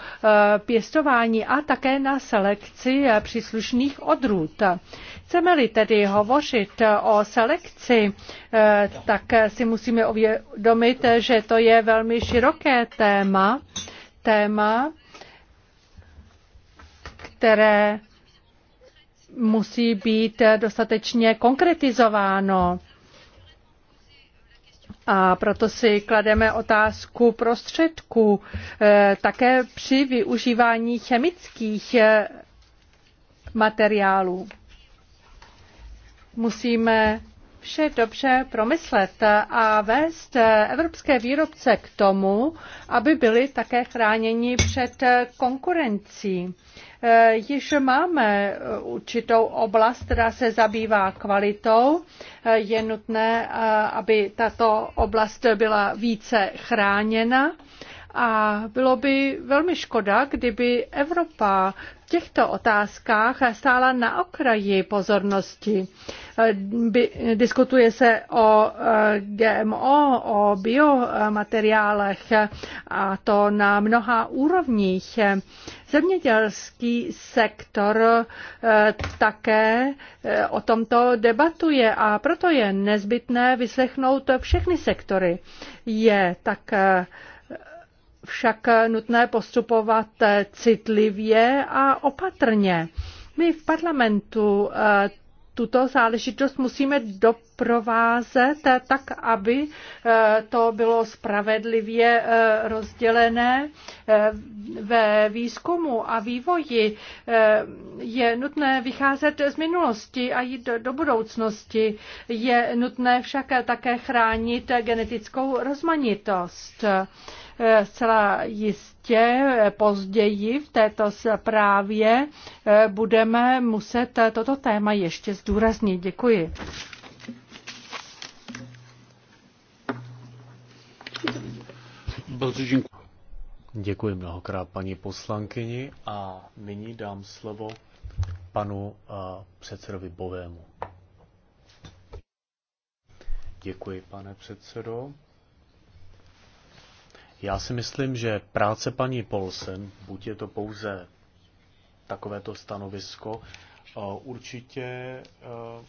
pěstování a také na selekci příslušných odrůd. Chceme-li tedy hovořit o selekci, tak si musíme uvědomit, že to je velmi široké téma, téma, které musí být dostatečně konkretizováno. A proto si klademe otázku prostředků eh, také při využívání chemických eh, materiálů. Musíme vše dobře promyslet a vést evropské výrobce k tomu, aby byli také chráněni před konkurencí. Eh, již máme určitou oblast, která se zabývá kvalitou. Eh, je nutné, eh, aby tato oblast byla více chráněna a bylo by velmi škoda, kdyby Evropa v těchto otázkách stála na okraji pozornosti. Diskutuje se o eh, GMO, o biomateriálech a to na mnoha úrovních. Zemědělský sektor eh, také eh, o tomto debatuje a proto je nezbytné vyslechnout všechny sektory. Je tak však nutné postupovat citlivě a opatrně. My v parlamentu eh, tuto záležitost musíme do provázet, tak aby eh, to bylo spravedlivě eh, rozdělené eh, ve výzkumu a vývoji. Je nutné vycházet z minulosti a jít do budoucnosti. Je nutné však také chránit genetickou rozmanitost zcela jistě později v této zprávě budeme muset toto téma ještě zdůraznit. Děkuji. Bardzo děkuji. Děkuji mnohokrát paní poslankyni a nyní dám slovo panu uh, předsedovi Bovému. Děkuji, pane předsedo. Já si myslím, že práce paní Polsen, buď je to pouze takovéto stanovisko, uh, určitě uh,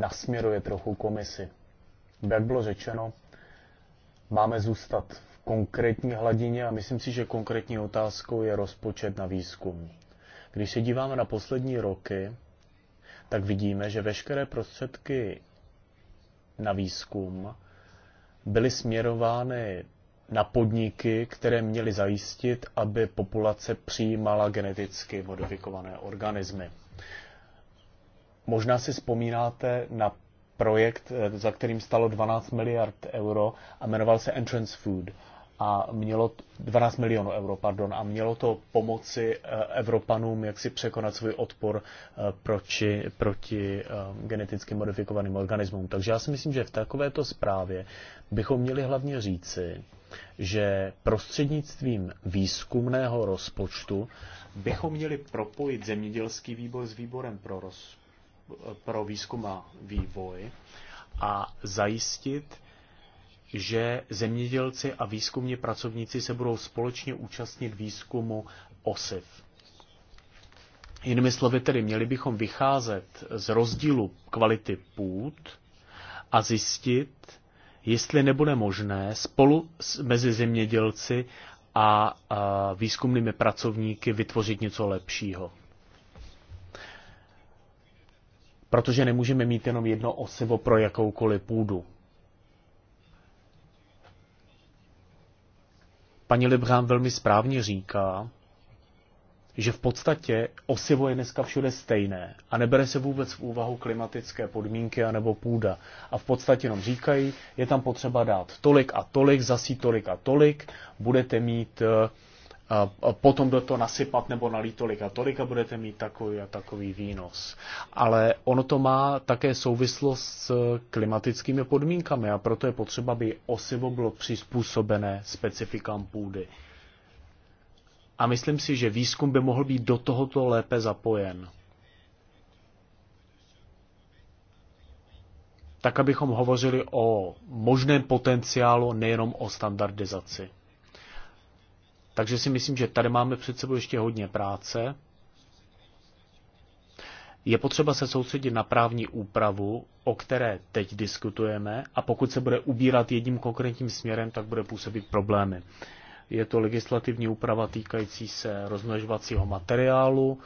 nasměruje trochu komisi jak bylo řečeno, máme zůstat v konkrétní hladině a myslím si, že konkrétní otázkou je rozpočet na výzkum. Když se díváme na poslední roky, tak vidíme, že veškeré prostředky na výzkum byly směrovány na podniky, které měly zajistit, aby populace přijímala geneticky modifikované organismy. Možná si vzpomínáte na projekt, eh, za kterým stalo 12 miliard euro a jmenoval se Entrance Food a mělo 12 milionů euro, pardon, a mělo to pomoci eh, Evropanům, jak si překonat svůj odpor eh, proti, proti geneticky modifikovaným organismům. Takže já si myslím, že v takovéto zprávě bychom měli hlavně říci, že prostřednictvím výzkumného rozpočtu bychom měli propojit zemědělský výbor s výborem pro, roz, pro výzkum a vývoj a zajistit, že zemědělci a výzkumní pracovníci se budou společně účastnit výzkumu osiv. Jinými slovy tedy, měli bychom vycházet z rozdílu kvality půd a zjistit, jestli nebude možné spolu mezi zemědělci a výzkumnými pracovníky vytvořit něco lepšího protože nemůžeme mít jenom jedno osivo pro jakoukoliv půdu. Paní Librán velmi správně říká, že v podstatě osivo je dneska všude stejné a nebere se vůbec v úvahu klimatické podmínky anebo půda. A v podstatě jenom říkají, je tam potřeba dát tolik a tolik, zasít tolik a tolik, budete mít eh, a potom do toho nasypat nebo nalít tolik a tolik a budete mít takový a takový výnos. Ale ono to má také souvislost s klimatickými podmínkami a proto je potřeba, aby osivo bylo přizpůsobené specifikám půdy. A myslím si, že výzkum by mohl být do tohoto lépe zapojen. Tak, abychom hovořili o možném potenciálu, nejenom o standardizaci. Takže si myslím, že tady máme před sebou ještě hodně práce. Je potřeba se soustředit na právní úpravu, o které teď diskutujeme, a pokud se bude ubírat jedním konkrétním směrem, tak bude působit problémy. Je to legislativní úprava týkající se rozmnožovacího materiálu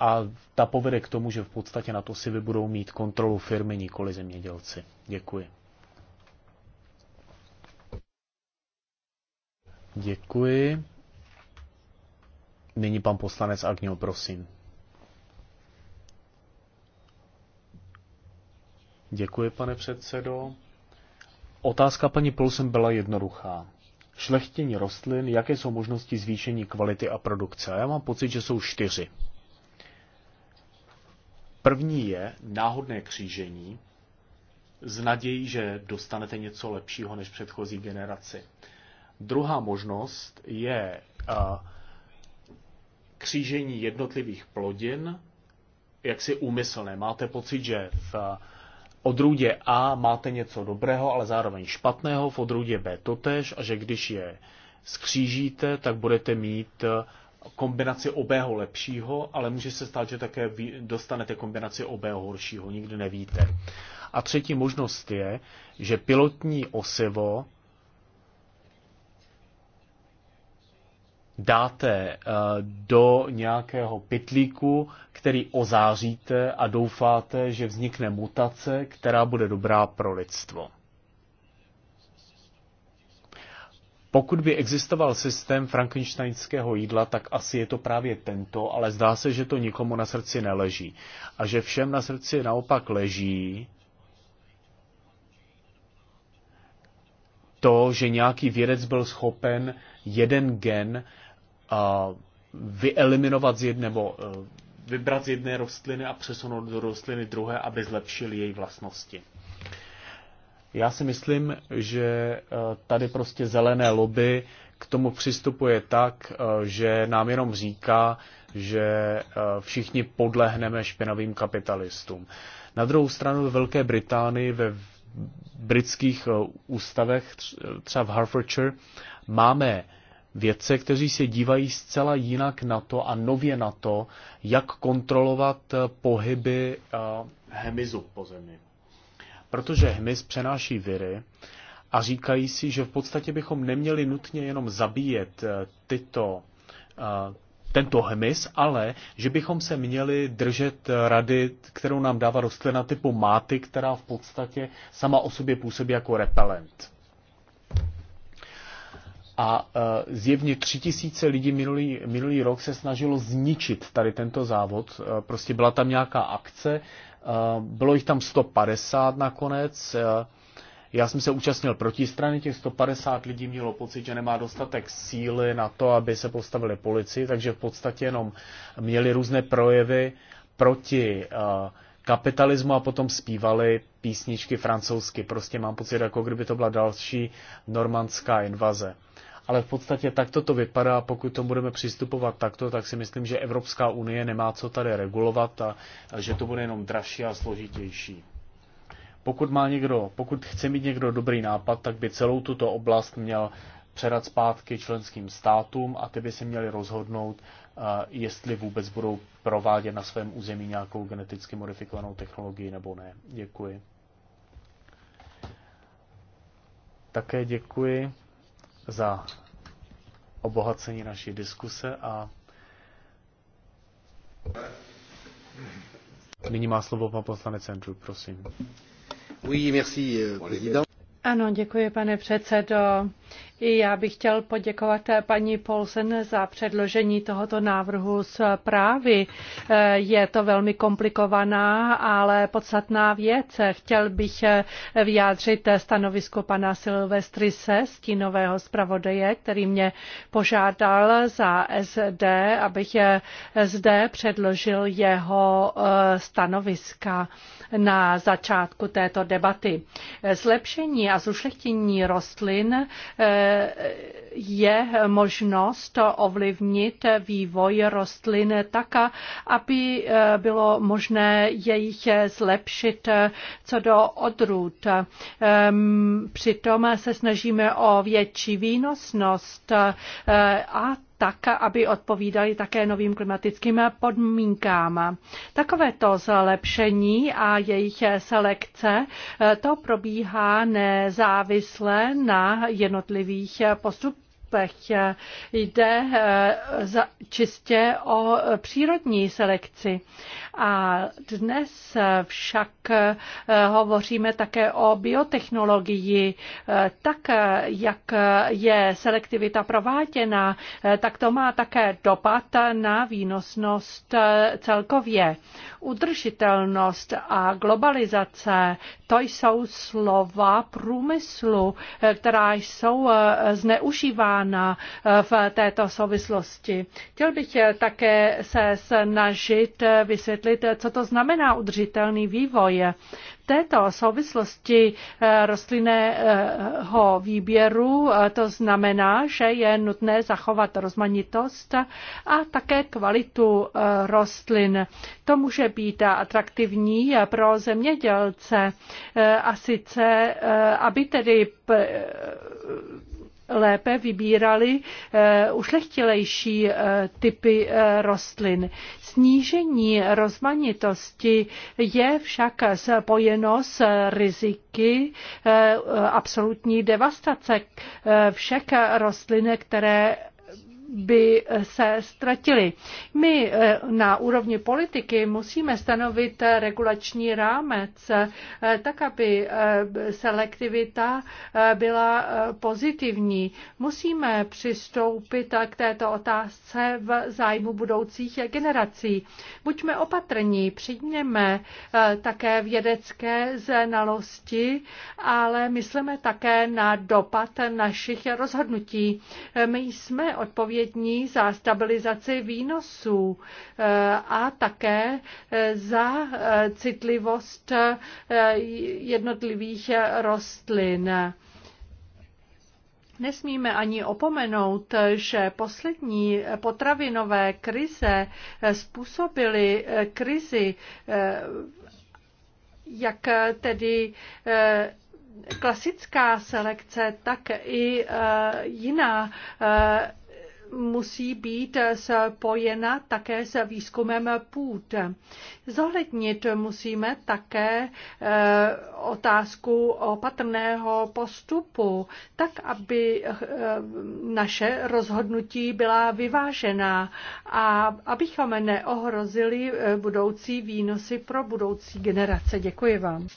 a ta povede k tomu, že v podstatě na to si vybudou mít kontrolu firmy, nikoli zemědělci. Děkuji. Děkuji. Nyní pan poslanec Agnil, prosím. Děkuji, pane předsedo. Otázka paní Polsem byla jednoduchá. Šlechtění rostlin, jaké jsou možnosti zvýšení kvality a produkce? Já mám pocit, že jsou čtyři. První je náhodné křížení s nadějí, že dostanete něco lepšího než předchozí generaci. Druhá možnost je eh, křížení jednotlivých plodin, jak si úmyslné. Máte pocit, že v eh, odrůdě A máte něco dobrého, ale zároveň špatného, v odrůdě B totež a že když je skřížíte, tak budete mít eh, kombinaci obého lepšího, ale může se stát, že také dostanete kombinaci obého horšího, nikdy nevíte. A třetí možnost je, že pilotní osivo dáte eh, do nějakého pytlíku, který ozáříte a doufáte, že vznikne mutace, která bude dobrá pro lidstvo. Pokud by existoval systém frankensteinského jídla, tak asi je to právě tento, ale zdá se, že to nikomu na srdci neleží. A že všem na srdci naopak leží to, že nějaký vědec byl schopen jeden gen vyeliminovat z jedné, nebo eh, vybrat z jedné rostliny a přesunout do rostliny druhé, aby zlepšili její vlastnosti. Já si myslím, že eh, tady prostě zelené lobby k tomu přistupuje tak, eh, že nám jenom říká, že všichni podlehneme špinavým kapitalistům. Na druhou stranu Velké Británii, ve britských ústavech, třeba v Hertfordshire, máme vědce, kteří se dívají zcela jinak na to a nově na to, jak kontrolovat eh, pohyby eh, hmyzu po zemi. Protože hmyz přenáší viry a říkají si, že v podstatě bychom neměli nutně jenom zabíjet eh, tyto, tento hmyz, ale že bychom se měli držet rady, kterou nám dává rostlina typu máty, která v podstatě sama o sobě působí jako repelent. A e, zjevně tři tisíce lidí minulý, minulý rok se snažilo zničit tady tento závod. E, prostě byla tam nějaká akce, e, bylo jich tam 150 nakonec. Já jsem se účastnil Proti strany, těch 150 lidí mělo pocit, že nemá dostatek síly na to, aby se postavili policii, takže v podstatě jenom měli různé projevy proti kapitalismu a potom zpívali písničky francouzsky. Prostě mám pocit, jako kdyby to byla další normandská invaze ale v podstatě takto to vypadá. Pokud to budeme přistupovat takto, tak si myslím, že Evropská unie nemá co tady regulovat a, že to bude jenom dražší a složitější. Pokud, má někdo, pokud chce mít někdo dobrý nápad, tak by celou tuto oblast měl předat zpátky členským státům a ty by se měli rozhodnout, jestli vůbec budou provádět na svém území nějakou geneticky modifikovanou technologii nebo ne. Děkuji. Také děkuji za obohacení naší diskuse a nyní má slovo pan poslanec Andrew, prosím. Oui, merci, euh, président. Ano, děkuji, pane předsedo. I já bych chtěl poděkovat eh, paní Polsen za předložení tohoto návrhu zprávy. Eh, je to velmi komplikovaná, ale podstatná věc. Chtěl bych eh, vyjádřit stanovisko pana Silvestrise, stínového zpravodaje, který mě požádal za SD, abych zde předložil jeho stanoviska na začátku této debaty. Zlepšení a zušlechtění rostlin Eh, je možnost ovlivnit vývoj rostlin tak, aby eh, bylo možné jejich zlepšit co do odrůd. Ehm, přitom se snažíme o větší výnosnost eh, a tak, aby odpovídali také novým klimatickým podmínkám. Takovéto zlepšení a jejich selekce, eh, to probíhá nezávisle na jednotlivých postupech stropech. Jde eh, čistě o přírodní selekci. A dnes však eh, hovoříme také o biotechnologii. Eh, tak, jak je selektivita prováděna, tak to má také dopad na výnosnost celkově. Udržitelnost a globalizace, to jsou slova průmyslu, eh, která jsou eh, zneužívána eh, v této souvislosti. Chtěl bych také se snažit vysvětlit, co to znamená udržitelný vývoj této souvislosti eh, rostlinného výběru eh, to znamená, že je nutné zachovat rozmanitost a také kvalitu eh, rostlin. To může být atraktivní pro zemědělce a sice, aby tedy lépe vybírali eh, ušlechtilejší eh, typy eh, rostlin. Snížení rozmanitosti je však spojeno s riziky absolutní devastace všech rostlin, které by eh, se ztratily. My eh, na úrovni politiky musíme stanovit eh, regulační rámec, tak aby selektivita byla pozitivní. Musíme přistoupit k této otázce v zájmu budoucích generací. Buďme opatrní, přijměme také vědecké znalosti, ale myslíme také na dopad našich rozhodnutí. My jsme odpovědní odpovědní za stabilizaci výnosů eh, a také eh, za eh, citlivost jednotlivých rostlin. Nesmíme ani opomenout, že poslední potravinové krize způsobily krizi, jak tedy klasická selekce, tak i jiná musí být spojena také s výzkumem půd. Zohlednit musíme také eh, otázku opatrného postupu, tak aby eh, naše rozhodnutí byla vyvážená a abychom neohrozili eh, budoucí výnosy pro budoucí generace. Děkuji vám.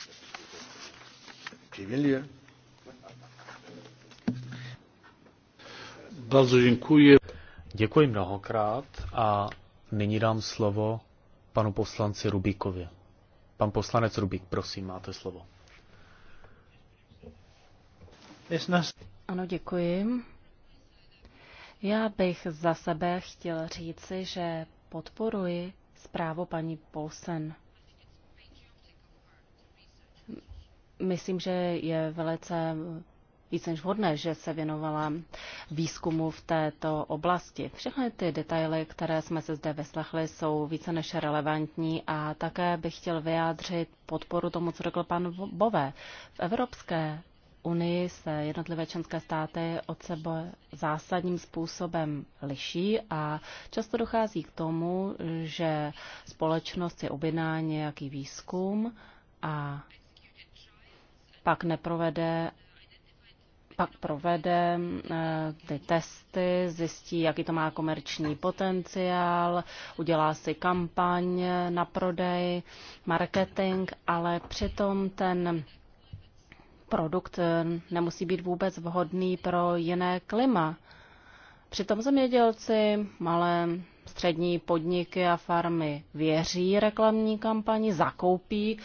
Bardzo dziękuję. Děkuji mnohokrát a nyní dám slovo panu poslanci Rubíkovi. Pan poslanec Rubík, prosím, máte slovo. Ano, děkuji. Já bych za sebe chtěl říci, že podporuji zprávu paní Poulsen. Myslím, že je velice víc než vhodné, že se věnovala výzkumu v této oblasti. Všechny ty detaily, které jsme se zde vyslechli, jsou více než relevantní a také bych chtěl vyjádřit podporu tomu, co řekl pan Bové. V Evropské unii se jednotlivé členské státy od sebe zásadním způsobem liší a často dochází k tomu, že společnost si objedná nějaký výzkum a pak neprovede pak provede eh, ty testy, zjistí, jaký to má komerční potenciál, udělá si kampaň na prodej, marketing, ale přitom ten produkt eh, nemusí být vůbec vhodný pro jiné klima. Přitom zemědělci, malé střední podniky a farmy věří reklamní kampani, zakoupí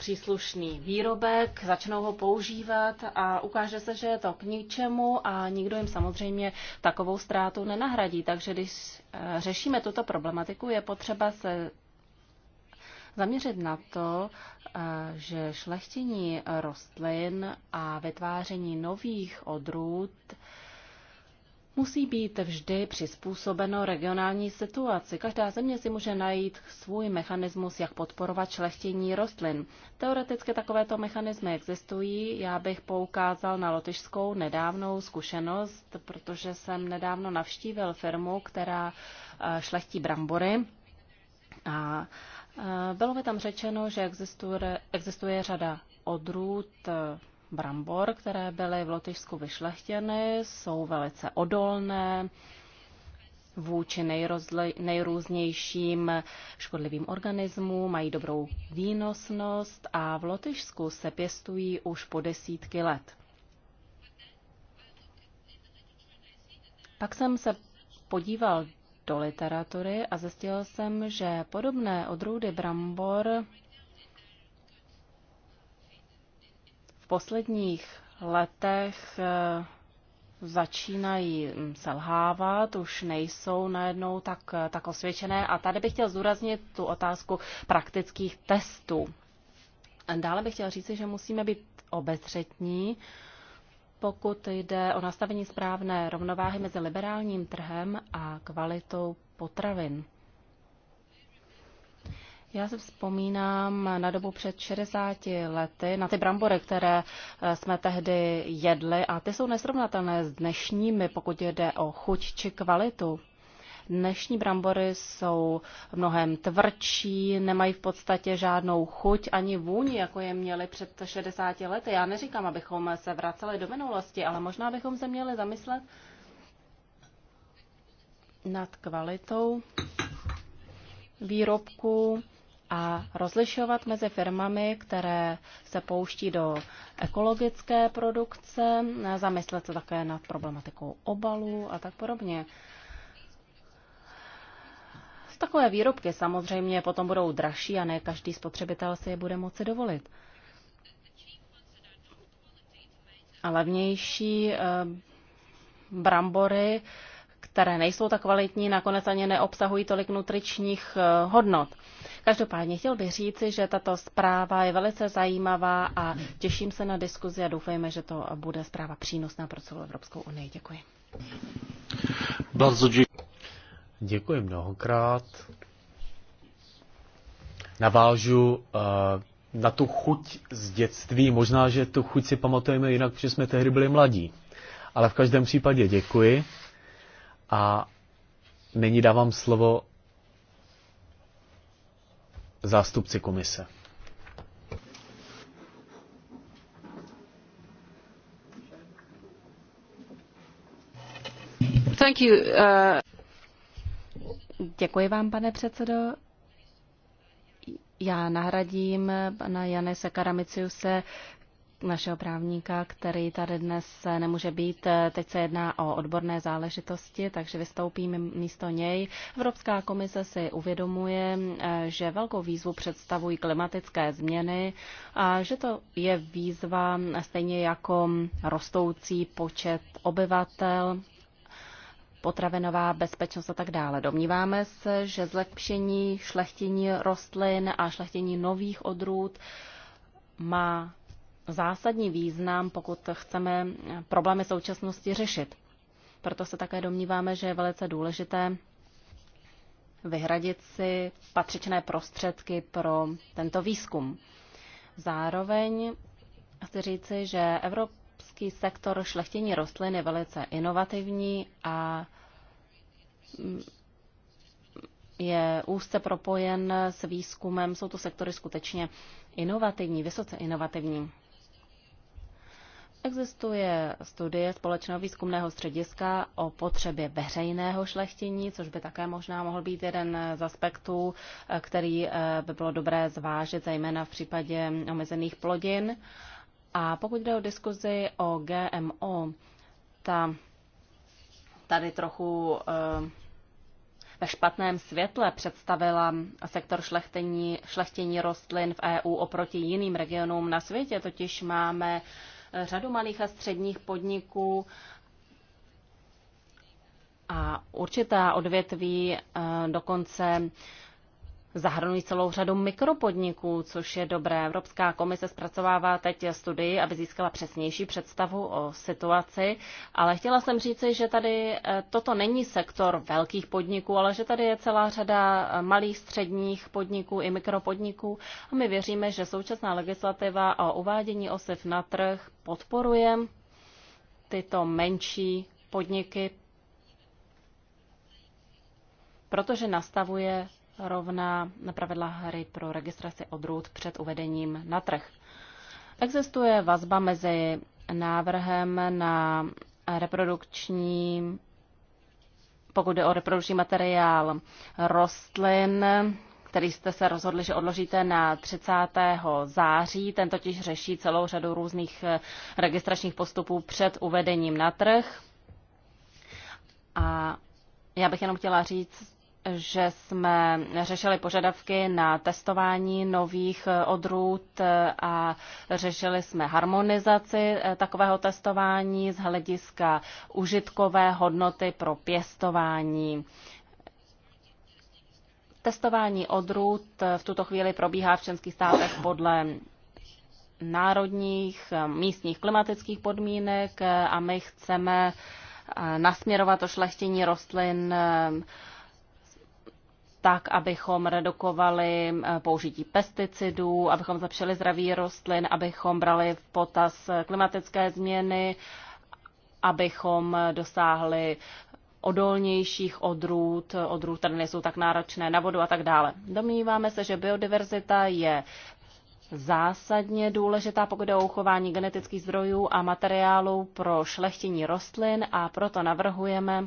příslušný výrobek, začnou ho používat a ukáže se, že je to k ničemu a nikdo jim samozřejmě takovou ztrátu nenahradí. Takže když eh, řešíme tuto problematiku, je potřeba se zaměřit na to, eh, že šlechtění rostlin a vytváření nových odrůd musí být vždy přizpůsobeno regionální situaci. Každá země si může najít svůj mechanismus, jak podporovat šlechtění rostlin. Teoreticky takovéto mechanismy existují. Já bych poukázal na lotyšskou nedávnou zkušenost, protože jsem nedávno navštívil firmu, která eh, šlechtí brambory. A eh, bylo mi tam řečeno, že existuje, existuje řada odrůd eh, brambor, které byly v Lotyšsku vyšlechtěny, jsou velice odolné vůči nejrůznějším škodlivým organismům, mají dobrou výnosnost a v Lotyšsku se pěstují už po desítky let. Pak jsem se podíval do literatury a zjistil jsem, že podobné odrůdy brambor posledních letech eh, začínají hm, selhávat, už nejsou najednou tak, eh, tak osvědčené. A tady bych chtěl zdůraznit tu otázku praktických testů. Dále bych chtěl říci, že musíme být obezřetní, pokud jde o nastavení správné rovnováhy mezi liberálním trhem a kvalitou potravin. Já se vzpomínám na dobu před 60 lety, na ty brambory, které eh, jsme tehdy jedli a ty jsou nesrovnatelné s dnešními, pokud jde o chuť či kvalitu. Dnešní brambory jsou mnohem tvrdší, nemají v podstatě žádnou chuť ani vůni, jako je měli před 60 lety. Já neříkám, abychom se vraceli do minulosti, ale možná bychom se měli zamyslet nad kvalitou výrobků a rozlišovat mezi firmami, které se pouští do ekologické produkce, zamyslet se také nad problematikou obalů a tak podobně. Takové výrobky samozřejmě potom budou dražší a ne každý spotřebitel si je bude moci dovolit. A levnější eh, brambory které nejsou tak kvalitní, nakonec ani neobsahují tolik nutričních eh, hodnot. Každopádně chtěl bych říci, že tato zpráva je velice zajímavá a těším se na diskuzi a doufejme, že to bude zpráva přínosná pro celou Evropskou unii. Děkuji. děkuji. Děkuji mnohokrát. Navážu uh, na tu chuť z dětství. Možná, že tu chuť si pamatujeme jinak, protože jsme tehdy byli mladí. Ale v každém případě děkuji. A nyní dávám slovo zástupci komise. Thank you. Uh... Děkuji vám, pane předsedo. Já nahradím pana Janese Karamiciuse, našeho právníka, který tady dnes nemůže být. Teď se jedná o odborné záležitosti, takže vystoupím místo něj. Evropská komise si uvědomuje, že velkou výzvu představují klimatické změny a že to je výzva stejně jako rostoucí počet obyvatel potravinová bezpečnost a tak dále. Domníváme se, že zlepšení šlechtění rostlin a šlechtění nových odrůd má zásadní význam, pokud chceme problémy současnosti řešit. Proto se také domníváme, že je velice důležité vyhradit si patřičné prostředky pro tento výzkum. Zároveň chci říci, že evropský sektor šlechtění rostlin je velice inovativní a je úzce propojen s výzkumem. Jsou to sektory skutečně inovativní, vysoce inovativní. Existuje studie společného výzkumného střediska o potřebě veřejného šlechtění, což by také možná mohl být jeden z aspektů, který eh, by bylo dobré zvážit, zejména v případě omezených plodin. A pokud jde o diskuzi o GMO, ta tady trochu eh, ve špatném světle představila sektor šlechtění, šlechtění rostlin v EU oproti jiným regionům na světě, totiž máme řadu malých a středních podniků a určitá odvětví eh, dokonce zahrnují celou řadu mikropodniků, což je dobré. Evropská komise zpracovává teď studii, aby získala přesnější představu o situaci, ale chtěla jsem říci, že tady eh, toto není sektor velkých podniků, ale že tady je celá řada eh, malých, středních podniků i mikropodniků a my věříme, že současná legislativa o uvádění osiv na trh podporuje tyto menší podniky, protože nastavuje rovná pravidla hry pro registraci odrůd před uvedením na trh. Existuje vazba mezi návrhem na reprodukční, pokud jde o reprodukční materiál rostlin, který jste se rozhodli, že odložíte na 30. září. Ten totiž řeší celou řadu různých eh, registračních postupů před uvedením na trh. A já bych jenom chtěla říct, že jsme řešili požadavky na testování nových odrůd a řešili jsme harmonizaci eh, takového testování z hlediska užitkové hodnoty pro pěstování. Testování odrůd eh, v tuto chvíli probíhá v členských státech podle národních eh, místních klimatických podmínek a my chceme nasměrovat to šlechtění rostlin tak, abychom redukovali eh, použití pesticidů, abychom zlepšili zdraví rostlin, abychom brali v potaz eh, klimatické změny, abychom eh, dosáhli odolnějších odrůd, odrůd, které nejsou tak náročné na vodu a tak dále. Domníváme se, že biodiverzita je zásadně důležitá, pokud je o uchování genetických zdrojů a materiálů pro šlechtění rostlin a proto navrhujeme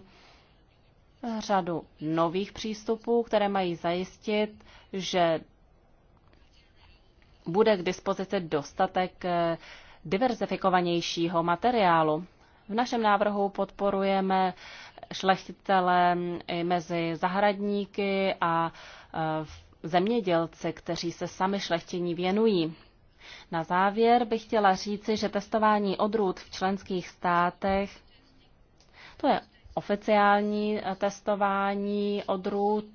řadu nových přístupů, které mají zajistit, že bude k dispozici dostatek eh, diverzifikovanějšího materiálu. V našem návrhu podporujeme šlechtitele i eh, mezi zahradníky a eh, zemědělci, kteří se sami šlechtění věnují. Na závěr bych chtěla říci, že testování odrůd v členských státech to je oficiální eh, testování odrůd.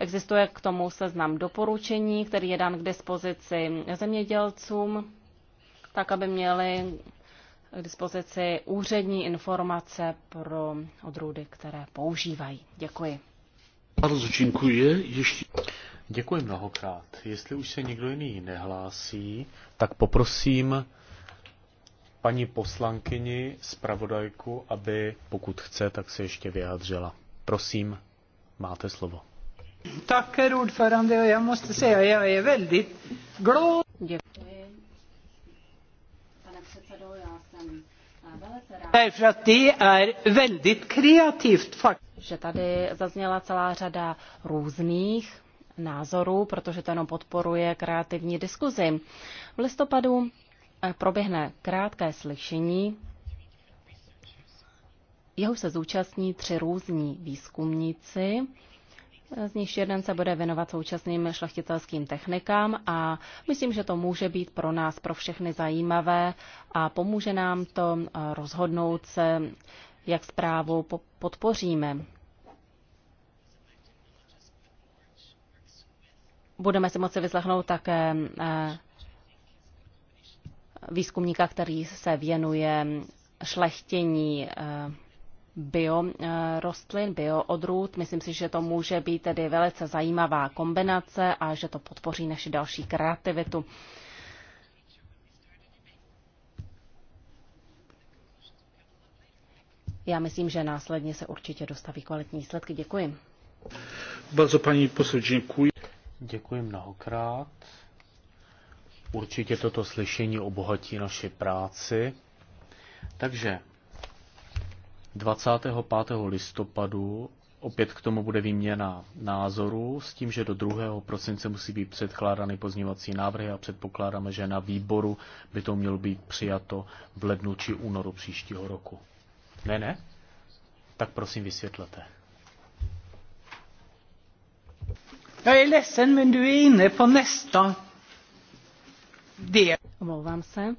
Existuje k tomu seznam doporučení, který je dán k dispozici zemědělcům, tak aby měli k dispozici úřední informace pro odrůdy, které používají. Děkuji. Bardzo Děkuji mnohokrát. Jestli už se někdo jiný nehlásí, tak poprosím paní poslankyni zpravodajku, aby pokud chce, tak se ještě vyjádřila. Prosím, máte slovo. Tak, ordförande, já musím se, já je velmi Že tady zazněla celá řada různých názorů, protože to jenom podporuje kreativní diskuzi. V listopadu Eh, proběhne krátké slyšení, jeho se zúčastní tři různí výzkumníci. Z nich jeden se bude věnovat současným šlechtitelským technikám a myslím, že to může být pro nás, pro všechny zajímavé a pomůže nám to eh, rozhodnout se, jak zprávu podpoříme. Budeme si moci vyslechnout také eh, výzkumníka, který se věnuje šlechtění eh, biorostlin, bioodrůd. Myslím si, že to může být tedy velice zajímavá kombinace a že to podpoří naši další kreativitu. Já myslím, že následně se určitě dostaví kvalitní výsledky. Děkuji. Bardzo paní děkuji. Děkuji mnohokrát. Určitě toto slyšení obohatí naši práci. Takže 25. listopadu opět k tomu bude výměna názorů s tím, že do 2. prosince musí být předkládány pozněvací návrhy a předpokládáme, že na výboru by to mělo být přijato v lednu či únoru příštího roku. Ne, ne? Tak prosím vysvětlete. Jag är ledsen men du är inne på nästa Omlouvám se.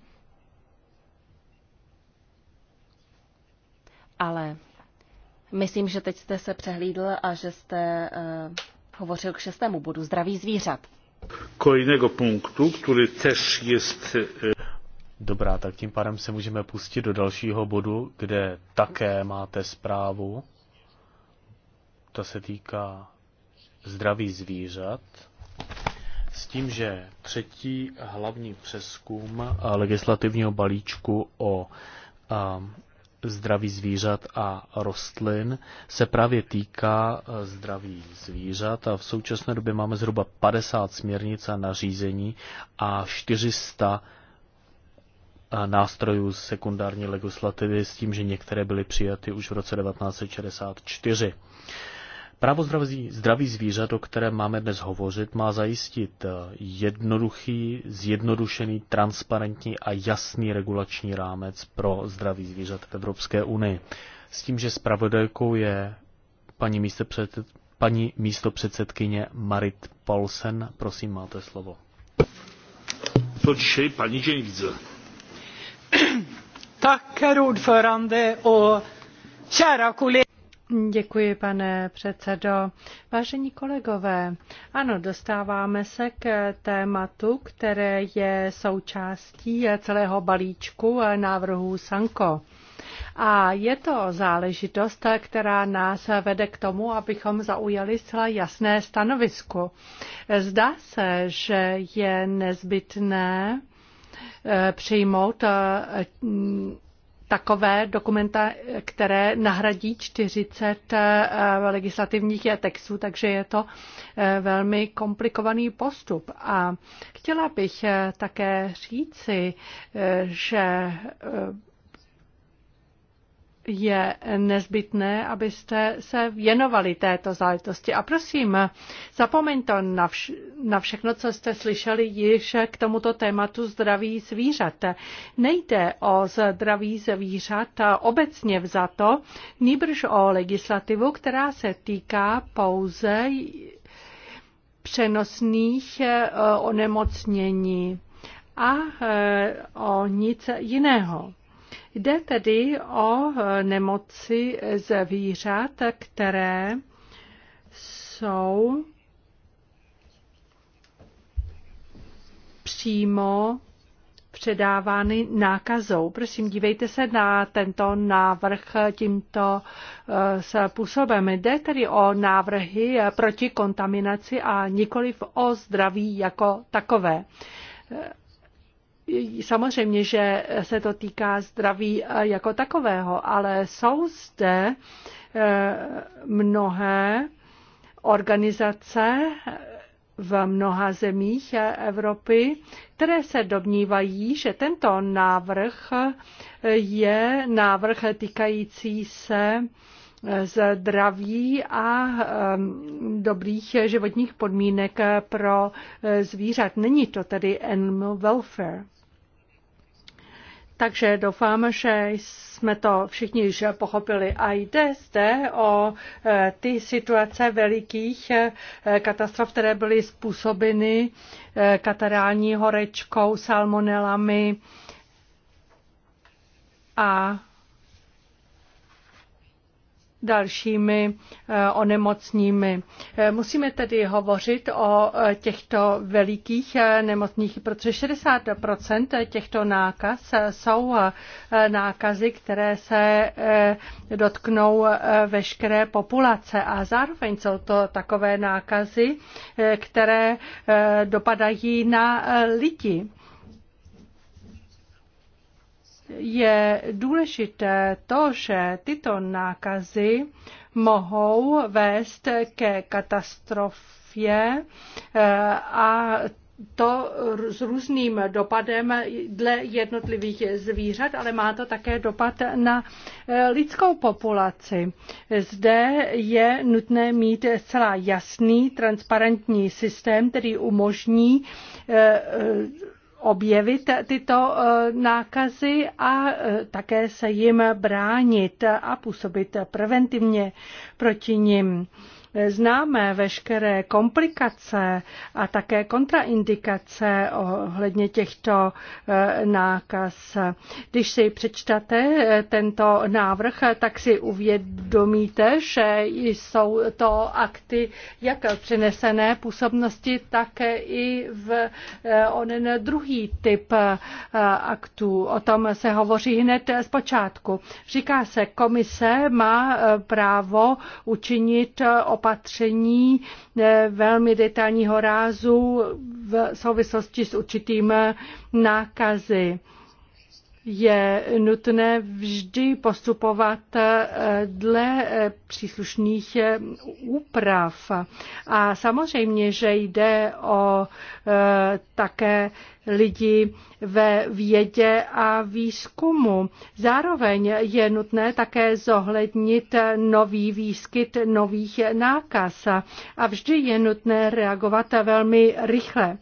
Ale myslím, že teď jste se přehlídl a že jste uh, hovořil k šestému bodu zdraví zvířat. Kolejného punktu, který tež je... E, Dobrá, tak tím pádem se můžeme pustit do dalšího bodu, kde také máte zprávu. To se týká zdraví zvířat s tím, že třetí hlavní přeskum eh, legislativního balíčku o eh, zdraví zvířat a rostlin se právě týká eh, zdraví zvířat a v současné době máme zhruba 50 směrnic a nařízení a 400 nástrojů sekundární legislativy s tím, že některé byly přijaty už v roce 1964. Právo zdraví, zdraví zvířat, o kterém máme dnes hovořit, má zajistit eh, jednoduchý, zjednodušený, transparentní a jasný regulační rámec pro zdraví zvířat v Evropské unii. S tím, že zpravodajkou je paní, před, paní místopředsedkyně Marit Paulsen. Prosím, máte slovo. To dzisiaj pani dzień Tak, herr ordförande o čára kollegor. Děkuji, pane předsedo. Vážení kolegové, ano, dostáváme se k tématu, které je součástí celého balíčku návrhů Sanko. A je to záležitost, která nás vede k tomu, abychom zaujali zcela jasné stanovisko. Zdá se, že je nezbytné eh, přijmout eh, takové dokumenta, které nahradí 40 eh, legislativních textů, takže je to eh, velmi komplikovaný postup. A chtěla bych eh, také říci, že je nezbytné, abyste se věnovali této záležitosti. A prosím, zapomeňte na, vš- na všechno, co jste slyšeli již k tomuto tématu zdraví zvířat. Nejde o zdraví zvířat obecně vzato, nýbrž o legislativu, která se týká pouze přenosných eh, onemocnění a eh, o nic jiného. Jde tedy o eh, nemoci zvířat, které jsou přímo předávány nákazou. Prosím, dívejte se na tento návrh tímto eh, způsobem. Jde tedy o návrhy eh, proti kontaminaci a nikoliv o zdraví jako takové. Samozřejmě, že se to týká zdraví jako takového, ale jsou zde eh, mnohé organizace v mnoha zemích Evropy, které se domnívají, že tento návrh je návrh týkající se zdraví a ehm, dobrých životních podmínek pro eh, zvířat. Není to tedy animal welfare. Takže doufám, že jsme to všichni již pochopili. A jde zde o e, ty situace velikých e, katastrof, které byly způsobeny e, katarální horečkou, salmonelami a dalšími eh, onemocními. Eh, musíme tedy hovořit o eh, těchto velikých nemocných, protože 60 těchto nákaz jsou nákazy, které se dotknou veškeré populace a zároveň jsou to takové nákazy, které dopadají na lidi je důležité to, že tyto nákazy mohou vést ke katastrofě eh, a to s různým dopadem dle jednotlivých zvířat, ale má to také dopad na eh, lidskou populaci. Zde je nutné mít celá jasný, transparentní systém, který umožní eh, objevit tyto eh, nákazy a eh, také se jim bránit a působit preventivně proti nim. Známe veškeré komplikace a také kontraindikace ohledně těchto eh, nákaz. Když si přečtete eh, tento návrh, tak si uvědomíte, že jsou to akty jak přenesené působnosti, tak i v eh, onen druhý typ aktů. O tom se hovoří hned z počátku. Říká se, komise má právo učinit opatření opatření eh, velmi detailního rázu v souvislosti s určitým nákazy je nutné vždy postupovat eh, dle eh, příslušných eh, úprav. A samozřejmě, že jde o také lidi ve vědě a výzkumu. Zároveň je nutné také zohlednit nový výskyt nových nákaz a vždy je nutné reagovat velmi rychle.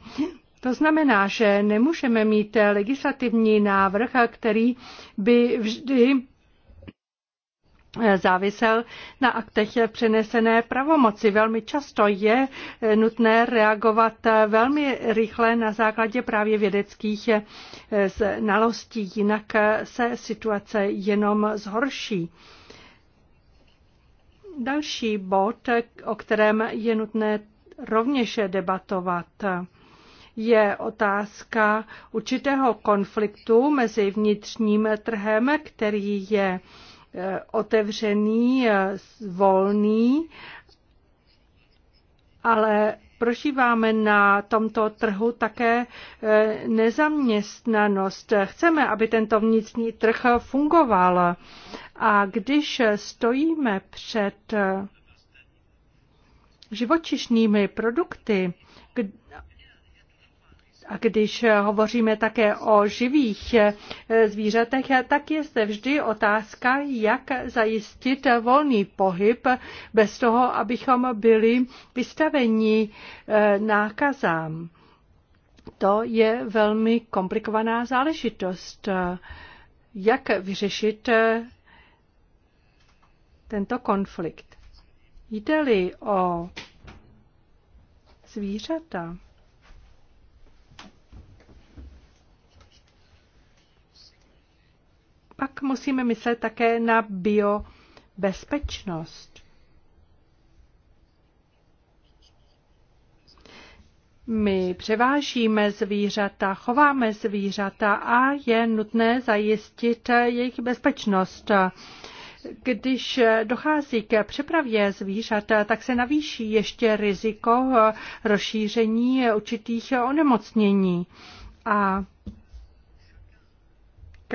To znamená, že nemůžeme mít legislativní návrh, který by vždy závisel na aktech přenesené pravomoci. Velmi často je nutné reagovat velmi rychle na základě právě vědeckých znalostí, jinak se situace jenom zhorší. Další bod, o kterém je nutné rovněž debatovat, je otázka určitého konfliktu mezi vnitřním trhem, který je e, otevřený, e, volný, ale prožíváme na tomto trhu také e, nezaměstnanost. Chceme, aby tento vnitřní trh fungoval. A když stojíme před živočišnými produkty a když hovoříme také o živých eh, zvířatech, tak je zde vždy otázka, jak zajistit volný pohyb bez toho, abychom byli vystaveni eh, nákazám. To je velmi komplikovaná záležitost. Jak vyřešit eh, tento konflikt? Jde-li o zvířata, pak musíme myslet také na biobezpečnost. My převážíme zvířata, chováme zvířata a je nutné zajistit jejich bezpečnost. Když dochází k přepravě zvířat, tak se navýší ještě riziko rozšíření určitých onemocnění. A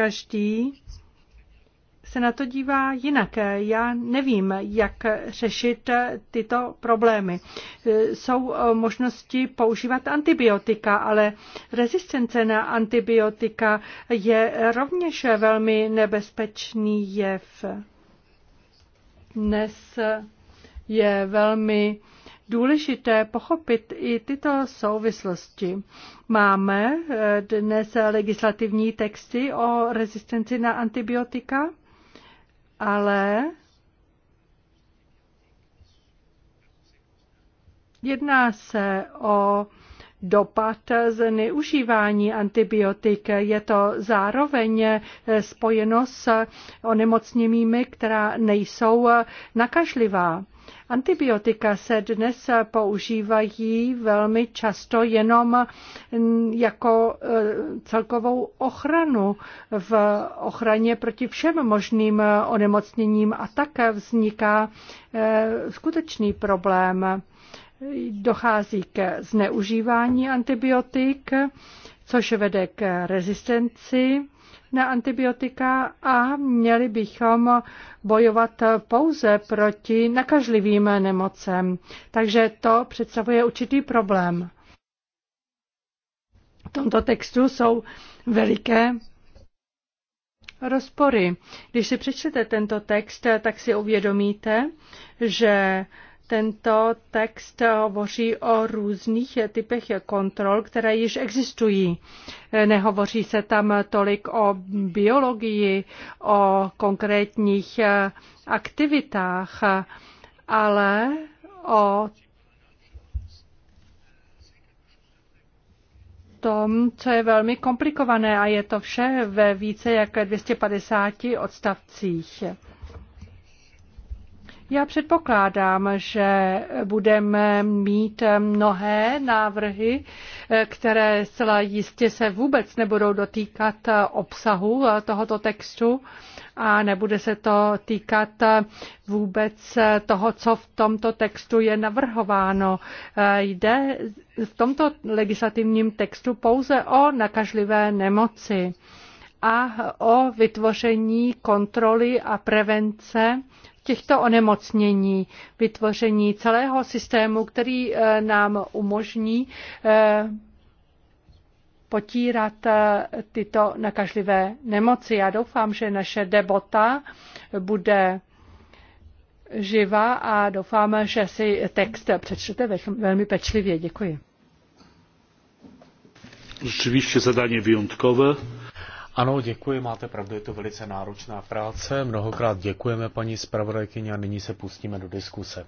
každý se na to dívá jinak. Já nevím, jak řešit tyto problémy. Jsou eh, možnosti používat antibiotika, ale rezistence na antibiotika je rovněž velmi nebezpečný jev. Dnes je velmi důležité pochopit i tyto souvislosti. Máme eh, dnes legislativní texty o rezistenci na antibiotika, ale jedná se o dopad z neužívání antibiotik. Je to zároveň eh, spojeno s onemocněními, která nejsou eh, nakažlivá. Antibiotika se dnes používají velmi často jenom mm, jako eh, celkovou ochranu v ochraně proti všem možným onemocněním a tak vzniká eh, skutečný problém. Dochází k zneužívání antibiotik, což vede k rezistenci na antibiotika a měli bychom bojovat pouze proti nakažlivým nemocem. Takže to představuje určitý problém. V tomto textu jsou veliké rozpory. Když si přečtete tento text, tak si uvědomíte, že tento text hovoří o různých typech kontrol, které již existují. Nehovoří se tam tolik o biologii, o konkrétních aktivitách, ale o tom, co je velmi komplikované a je to vše ve více jak 250 odstavcích. Já předpokládám, že budeme mít mnohé návrhy, které zcela jistě se vůbec nebudou dotýkat obsahu tohoto textu a nebude se to týkat vůbec toho, co v tomto textu je navrhováno. Jde v tomto legislativním textu pouze o nakažlivé nemoci a o vytvoření kontroly a prevence těchto onemocnění, vytvoření celého systému, který eh, nám umožní eh, potírat eh, tyto nakažlivé nemoci. Já doufám, že naše debata bude živá a doufám, že si text přečtete velmi pečlivě. Děkuji. Rzeczywiście zadanie wyjątkowe. Ano, děkuji, máte pravdu, je to velice náročná práce. Mnohokrát děkujeme paní zpravodajkyni a nyní se pustíme do diskuse.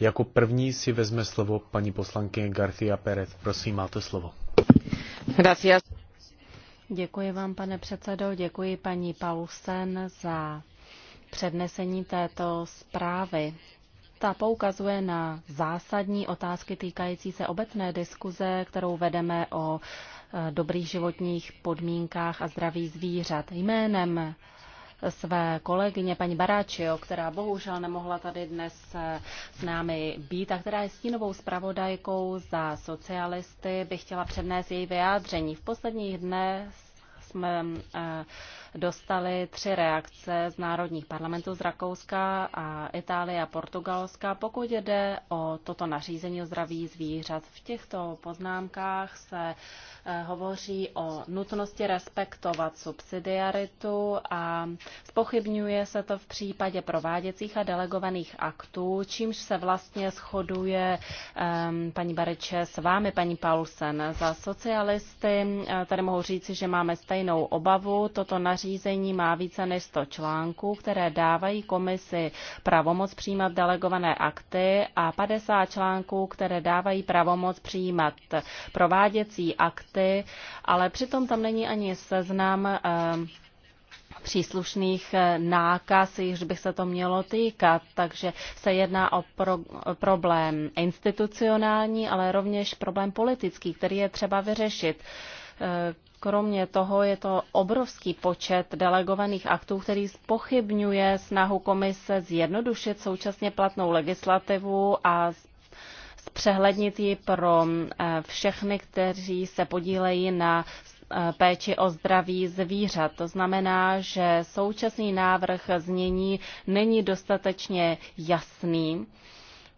Jako první si vezme slovo paní poslankyně García Pérez. Prosím, máte slovo. Gracias. Děkuji vám, pane předsedo, děkuji paní Paulsen za přednesení této zprávy. Ta poukazuje na zásadní otázky týkající se obecné diskuze, kterou vedeme o dobrých životních podmínkách a zdraví zvířat. Jménem své kolegyně paní Baráčio, která bohužel nemohla tady dnes s námi být a která je stínovou zpravodajkou za socialisty, bych chtěla přednést její vyjádření. V posledních dnech jsme eh, dostali tři reakce z národních parlamentů z Rakouska a Itálie a Portugalska, pokud jde o toto nařízení o zdraví zvířat. V těchto poznámkách se eh, hovoří o nutnosti respektovat subsidiaritu a spochybňuje se to v případě prováděcích a delegovaných aktů, čímž se vlastně shoduje ehm, paní Bareče s vámi, paní Paulsen. Za socialisty eh, tady mohu říci, že máme stejnou obavu. Toto nařízení nařízení má více než 100 článků, které dávají komisi pravomoc přijímat delegované akty a 50 článků, které dávají pravomoc přijímat prováděcí akty, ale přitom tam není ani seznam ehm, příslušných eh, nákaz, jichž bych se to mělo týkat. Takže se jedná o pro, problém institucionální, ale rovněž problém politický, který je třeba vyřešit. Eh, Kromě toho je to obrovský počet delegovaných aktů, který spochybňuje snahu komise zjednodušit současně platnou legislativu a zpřehlednit ji pro eh, všechny, kteří se podílejí na eh, péči o zdraví zvířat. To znamená, že současný návrh znění není dostatečně jasný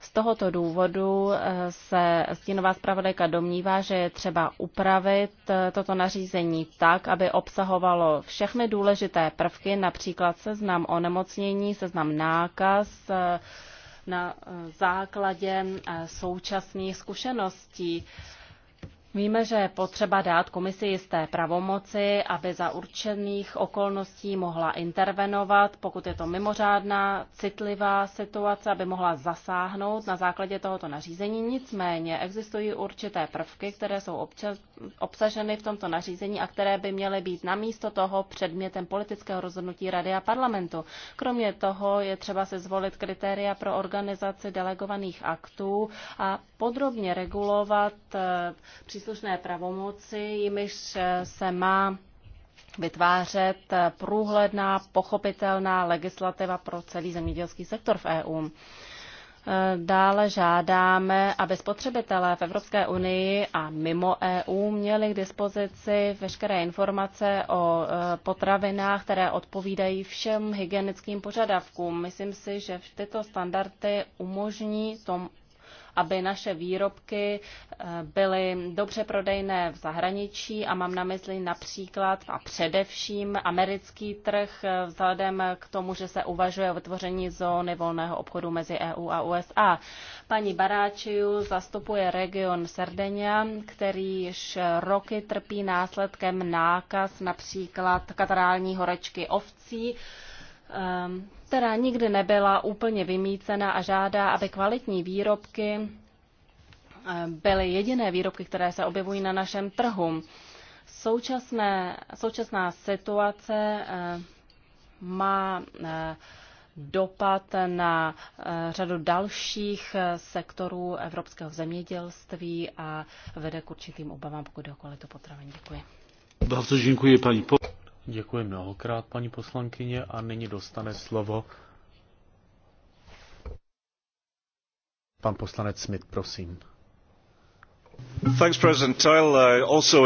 z tohoto důvodu eh, se stínová zpravodajka domnívá, že je třeba upravit eh, toto nařízení tak, aby obsahovalo všechny důležité prvky, například seznam onemocnění, seznam nákaz, eh, na základě současných zkušeností. Víme, že je potřeba dát komisi jisté pravomoci, aby za určených okolností mohla intervenovat, pokud je to mimořádná, citlivá situace, aby mohla zasáhnout na základě tohoto nařízení. Nicméně existují určité prvky, které jsou občas obsaženy v tomto nařízení a které by měly být namísto toho předmětem politického rozhodnutí Rady a parlamentu. Kromě toho je třeba se zvolit kritéria pro organizaci delegovaných aktů a podrobně regulovat eh, příslušné pravomoci, jimiž eh, se má vytvářet eh, průhledná, pochopitelná legislativa pro celý zemědělský sektor v EU. Dále žádáme, aby spotřebitelé v Evropské unii a mimo EU měli k dispozici veškeré informace o eh, potravinách, které odpovídají všem hygienickým požadavkům. Myslím si, že tyto standardy umožní tom aby naše výrobky eh, byly dobře prodejné v zahraničí a mám na mysli například a především americký trh eh, vzhledem k tomu, že se uvažuje o vytvoření zóny volného obchodu mezi EU a USA. Paní Baráčiu zastupuje region Sardenia, který již roky trpí následkem nákaz například katarální horečky ovcí. Ehm, která nikdy nebyla úplně vymícena a žádá, aby kvalitní výrobky eh, byly jediné výrobky, které se objevují na našem trhu. Současné, současná situace eh, má eh, dopad na řadu dalších sektorů evropského zemědělství a vede k určitým obavám, pokud jde o kvalitu potravin. Děkuji. Bardzo dziękuję pani. Děkuji mnohokrát, paní poslankyně, a nyní dostane slovo pan poslanec Smith, prosím. Thanks, President. Uh, also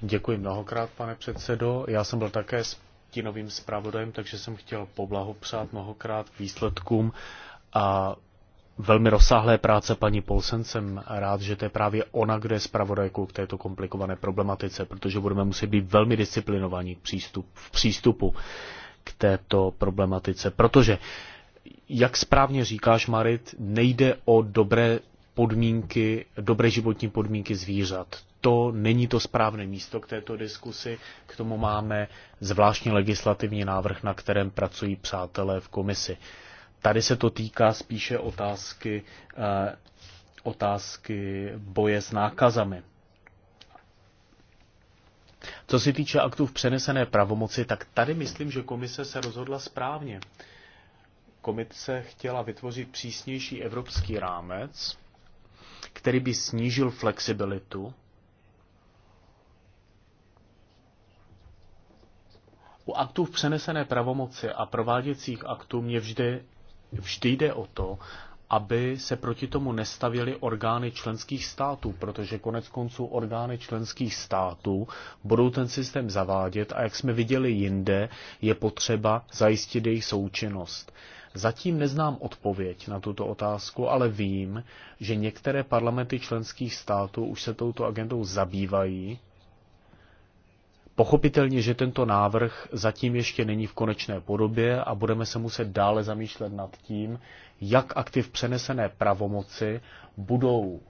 Děkuji mnohokrát, pane předsedo. Já jsem byl také stínovým zpravodajem, takže jsem chtěl poblahopřát mnohokrát k výsledkům a velmi rozsáhlé práce paní Polsen. Jsem rád, že to je právě ona, kde je zpravodajkou k této komplikované problematice, protože budeme muset být velmi disciplinovaní přístup, v přístupu k této problematice. Protože, jak správně říkáš, Marit, nejde o dobré podmínky, dobré životní podmínky zvířat. To není to správné místo k této diskusi. K tomu máme zvláštní legislativní návrh, na kterém pracují přátelé v komisi. Tady se to týká spíše otázky, eh, otázky boje s nákazami. Co se týče aktů v přenesené pravomoci, tak tady myslím, že komise se rozhodla správně. Komise chtěla vytvořit přísnější evropský rámec, který by snížil flexibilitu U aktů v přenesené pravomoci a prováděcích aktů mě vždy vždy jde o to, aby se proti tomu nestavily orgány členských států, protože konec konců orgány členských států budou ten systém zavádět a jak jsme viděli jinde, je potřeba zajistit jejich součinnost. Zatím neznám odpověď na tuto otázku, ale vím, že některé parlamenty členských států už se touto agendou zabývají Pochopitelně, že tento návrh zatím ještě není v konečné podobě a budeme se muset dále zamýšlet nad tím, jak aktiv přenesené pravomoci budou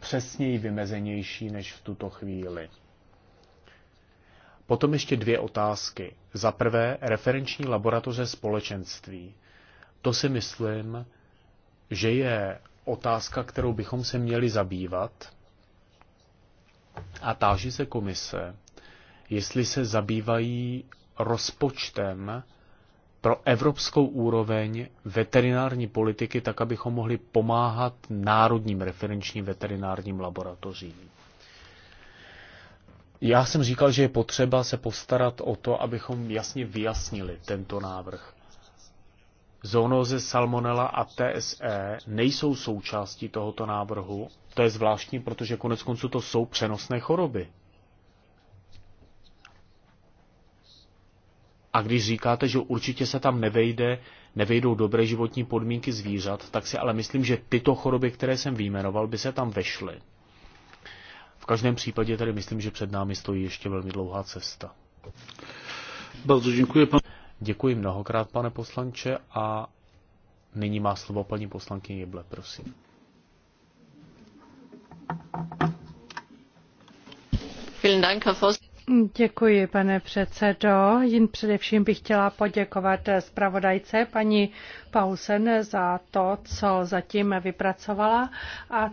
přesněji vymezenější než v tuto chvíli. Potom ještě dvě otázky. Za prvé, referenční laboratoře společenství. To si myslím, že je otázka, kterou bychom se měli zabývat. A táží se komise, jestli se zabývají rozpočtem pro evropskou úroveň veterinární politiky, tak abychom mohli pomáhat národním referenčním veterinárním laboratořím. Já jsem říkal, že je potřeba se postarat o to, abychom jasně vyjasnili tento návrh. Zónoze Salmonella a TSE nejsou součástí tohoto návrhu. To je zvláštní, protože konec konců to jsou přenosné choroby. A když říkáte, že určitě se tam nevejde, nevejdou dobré životní podmínky zvířat, tak si ale myslím, že tyto choroby, které jsem výjmenoval, by se tam vešly. V každém případě tedy myslím, že před námi stojí ještě velmi dlouhá cesta. Bardzo děkuji, pan... Děkuji mnohokrát, pane poslanče, a nyní má slovo paní poslankyně Jeble, prosím. Vielen Dank, Herr Děkuji, pane předsedo. Jen především bych chtěla poděkovat zpravodajce paní Pausen za to, co zatím vypracovala a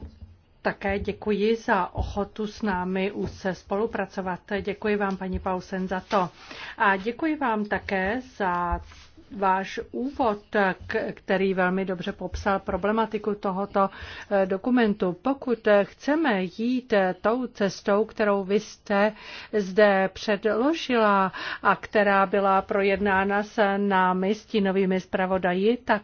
také děkuji za ochotu s námi úzce spolupracovat. Děkuji vám, paní Pausen, za to. A děkuji vám také za váš úvod, který velmi dobře popsal problematiku tohoto eh, dokumentu. Pokud eh, chceme jít eh, tou cestou, kterou vy jste zde předložila a která byla projednána s námi, stínovými zpravodaji, tak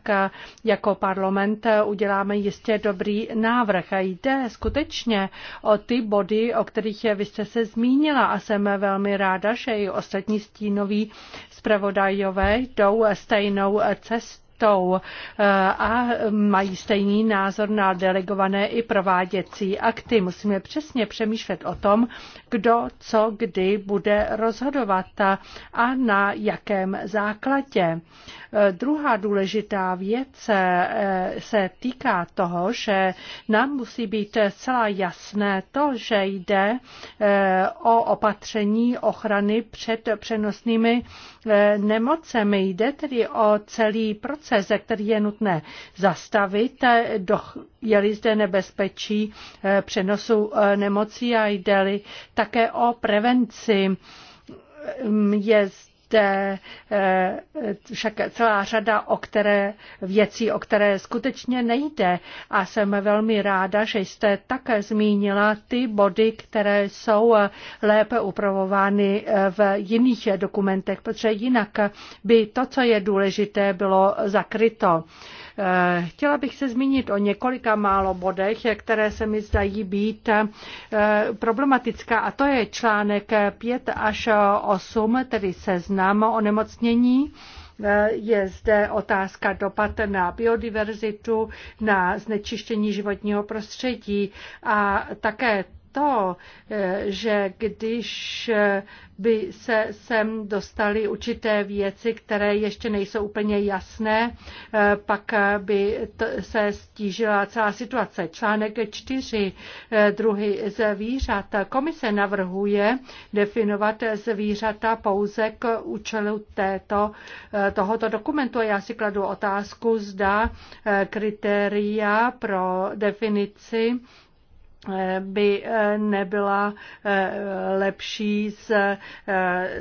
jako parlament uděláme jistě dobrý návrh. A jde skutečně o ty body, o kterých vy jste se zmínila a jsem velmi ráda, že i ostatní stínoví zpravodajové jdou stejnou eh, cestou eh, a mají stejný názor na delegované i prováděcí akty. Musíme přesně přemýšlet o tom, kdo co kdy bude rozhodovat a na jakém základě. Eh, druhá důležitá věc eh, se týká toho, že nám musí být celá jasné to, že jde eh, o opatření ochrany před přenosnými nemocemi. Jde tedy o celý proces, který je nutné zastavit, je-li zde nebezpečí přenosu nemocí a jde-li také o prevenci. Mm, je té, eh, však celá řada o které věcí, o které skutečně nejde. A jsem velmi ráda, že jste také zmínila ty body, které jsou lépe upravovány eh, v jiných dokumentech, protože jinak by to, co je důležité, bylo zakryto. Eh, chtěla bych se zmínit o několika málo bodech, které se mi zdají být eh, problematická, a to je článek 5 až 8, tedy seznam o nemocnění. Eh, je zde otázka dopad na biodiverzitu, na znečištění životního prostředí a také to, eh, že když eh, by se sem dostaly určité věci, které ještě nejsou úplně jasné, eh, pak by se stížila celá situace. Článek 4 druhý zvířat. Komise navrhuje definovat zvířata pouze k účelu této, tohoto dokumentu. Já si kladu otázku, zda kritéria pro definici by eh, nebyla eh, lepší z eh,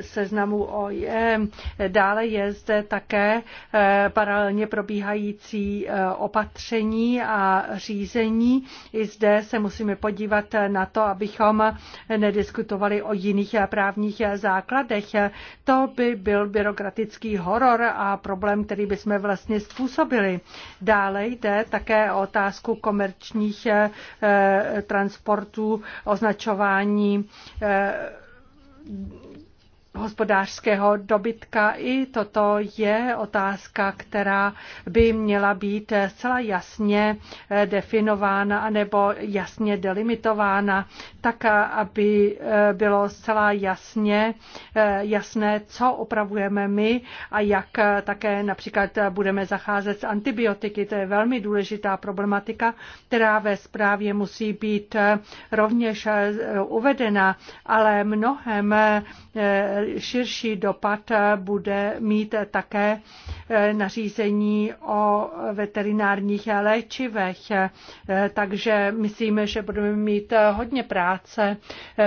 seznamu OIM. Dále je zde také paralelně probíhající opatření a řízení. I zde se musíme podívat na to, abychom nediskutovali o jiných právních základech. To by byl byrokratický horor a problém, který bychom vlastně způsobili. Dále jde také o otázku komerčních transportu, označování eh, hospodářského dobytka. I toto je otázka, která by měla být zcela jasně eh, definována nebo jasně delimitována, tak eh, aby eh, bylo zcela jasně jasné, co opravujeme my a jak také například budeme zacházet s antibiotiky. To je velmi důležitá problematika, která ve zprávě musí být rovněž uvedena, ale mnohem širší dopad eh, bude mít také eh, nařízení o veterinárních léčivech. Eh, takže myslím, že budeme mít hodně práce,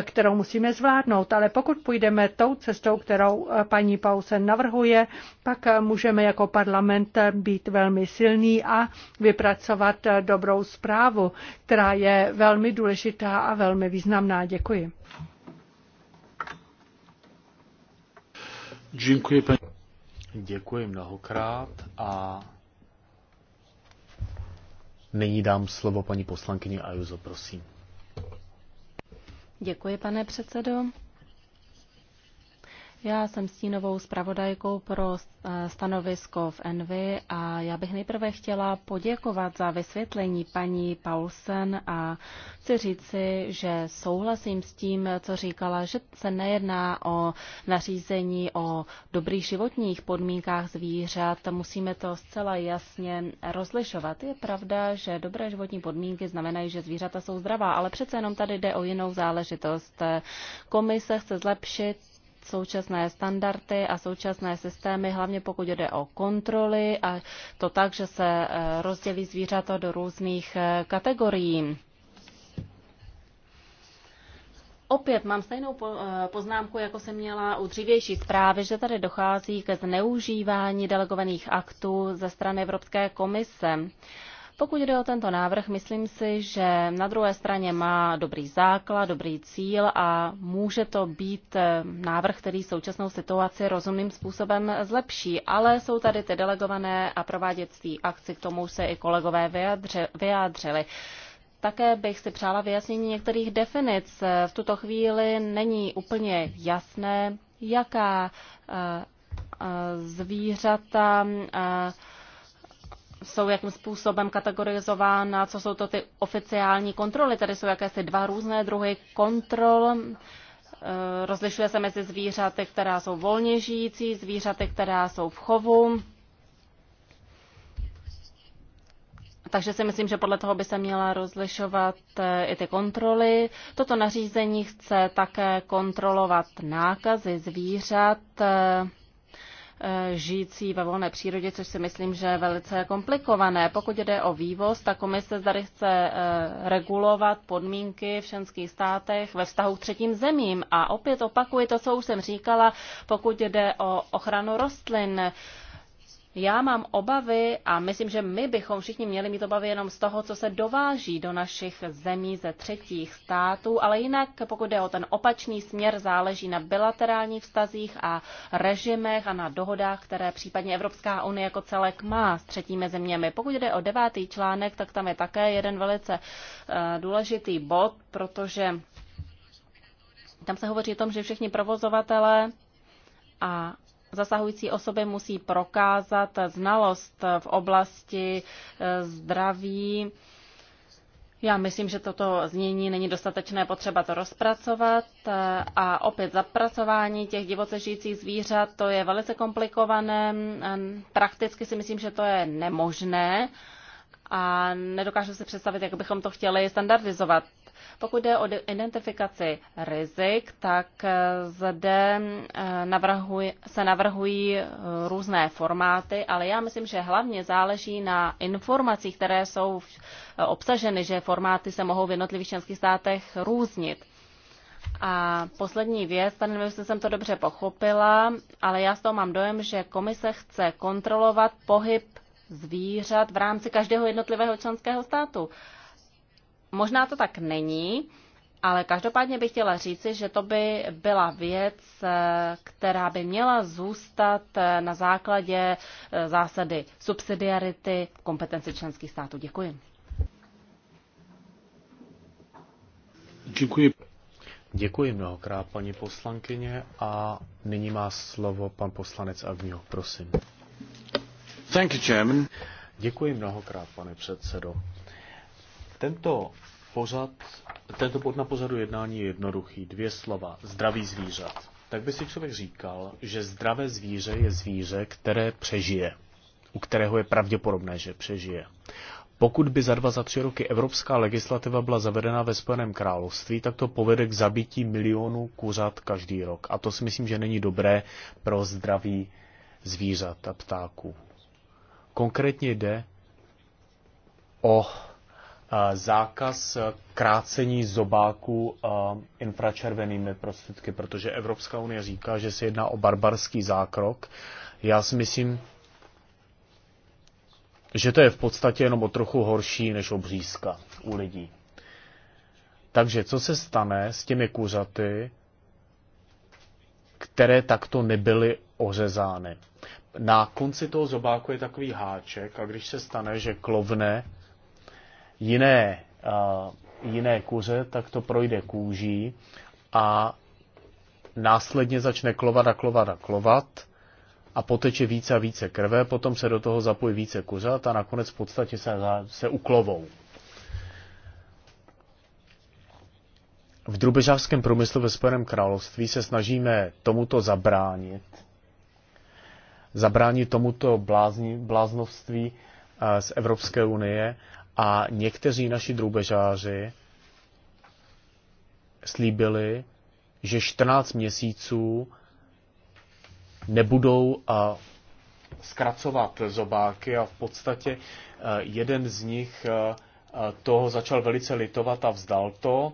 kterou musíme zvládnout. Ale pokud půjdeme tou cestou, kterou paní Pausen navrhuje, pak můžeme jako parlament být velmi silný a vypracovat dobrou zprávu, která je velmi důležitá a velmi významná. Děkuji. Děkuji, paní. Děkuji mnohokrát a nyní dám slovo paní poslankyni Ajuzo, prosím. Děkuji, pane předsedo. Já jsem stínovou zpravodajkou pro eh, stanovisko v Envy a já bych nejprve chtěla poděkovat za vysvětlení paní Paulsen a chci říci, že souhlasím s tím, co říkala, že se nejedná o nařízení o dobrých životních podmínkách zvířat. Musíme to zcela jasně rozlišovat. Je pravda, že dobré životní podmínky znamenají, že zvířata jsou zdravá, ale přece jenom tady jde o jinou záležitost. Komise chce zlepšit současné standardy a současné systémy, hlavně pokud jde o kontroly a to tak, že se eh, rozdělí zvířata do různých eh, kategorií. Opět mám stejnou eh, poznámku, jako jsem měla u dřívější zprávy, že tady dochází ke zneužívání delegovaných aktů ze strany Evropské komise. Pokud jde o tento návrh, myslím si, že na druhé straně má dobrý základ, dobrý cíl a může to být eh, návrh, který současnou situaci rozumným způsobem zlepší. Ale jsou tady ty delegované a prováděcí akci, k tomu se i kolegové vyjádřili. Také bych si přála vyjasnění některých definic. V tuto chvíli není úplně jasné, jaká eh, eh, zvířata jsou jakým způsobem kategorizována, co jsou to ty oficiální kontroly. Tady jsou jakési dva různé druhy kontrol. E, rozlišuje se mezi zvířaty, která jsou volně žijící, zvířaty, která jsou v chovu. Takže si myslím, že podle toho by se měla rozlišovat e, i ty kontroly. Toto nařízení chce také kontrolovat nákazy zvířat e, Eh, žijící ve volné přírodě, což si myslím, že je velice komplikované. Pokud jde o vývoz, ta komise tady chce eh, regulovat podmínky v členských státech ve vztahu k třetím zemím. A opět opakuji to, co už jsem říkala, pokud jde o ochranu rostlin. Já mám obavy a myslím, že my bychom všichni měli mít obavy jenom z toho, co se dováží do našich zemí ze třetích států, ale jinak, pokud jde o ten opačný směr, záleží na bilaterálních vztazích a režimech a na dohodách, které případně Evropská unie jako celek má s třetími zeměmi. Pokud jde o devátý článek, tak tam je také jeden velice eh, důležitý bod, protože tam se hovoří o tom, že všichni provozovatelé a zasahující osoby musí prokázat znalost v oblasti eh, zdraví. Já myslím, že toto znění není dostatečné potřeba to rozpracovat eh, a opět zapracování těch divoce žijících zvířat, to je velice komplikované. Ehm, prakticky si myslím, že to je nemožné a nedokážu si představit, jak bychom to chtěli standardizovat. Pokud jde o identifikaci rizik, tak eh, zde eh, navrhuj, se navrhují eh, různé formáty, ale já myslím, že hlavně záleží na informacích, které jsou obsaženy, že formáty se mohou v jednotlivých členských státech různit. A poslední věc, tady nevím, jestli jsem to dobře pochopila, ale já z toho mám dojem, že komise chce kontrolovat pohyb zvířat v rámci každého jednotlivého členského státu. Uh, Možná to tak není, ale každopádně bych chtěla říci, že to by byla věc, která by měla zůstat na základě eh, zásady subsidiarity kompetenci členských států. Děkuji. Děkuji. Děkuji mnohokrát, paní poslankyně. A nyní má slovo pan poslanec Agňo, prosím. Thank you, Chairman. Děkuji mnohokrát, pane předsedo. Tento pořad, tento bod na pořadu jednání je jednoduchý. Dvě slova. Zdraví zvířat. Tak by si člověk říkal, že zdravé zvíře je zvíře, které přežije. U kterého je pravděpodobné, že přežije. Pokud by za dva, za tři roky evropská legislativa byla zavedena ve Spojeném království, tak to povede k zabití milionů kuřat každý rok. A to si myslím, že není dobré pro zdraví zvířat a ptáků. Konkrétně jde o Eh, zákaz eh, krácení zobáků eh, infračervenými prostředky, protože Evropská unie říká, že se jedná o barbarský zákrok. Já si myslím, že to je v podstatě jenom o trochu horší než obřízka u lidí. Takže co se stane s těmi kuřaty, které takto nebyly ořezány? Na konci toho zobáku je takový háček a když se stane, že klovne jiné, jiné kuře, tak to projde kůží a následně začne klovat a klovat a klovat a poteče více a více krve, potom se do toho zapojí více kuřat a nakonec v podstatě se, se uklovou. V drubežářském průmyslu ve Spojeném království se snažíme tomuto zabránit, zabránit tomuto blázni, bláznovství z Evropské unie a někteří naši drůbežáři slíbili, že 14 měsíců nebudou a zkracovat zobáky a v podstatě eh, jeden z nich eh, eh, toho začal velice litovat a vzdal to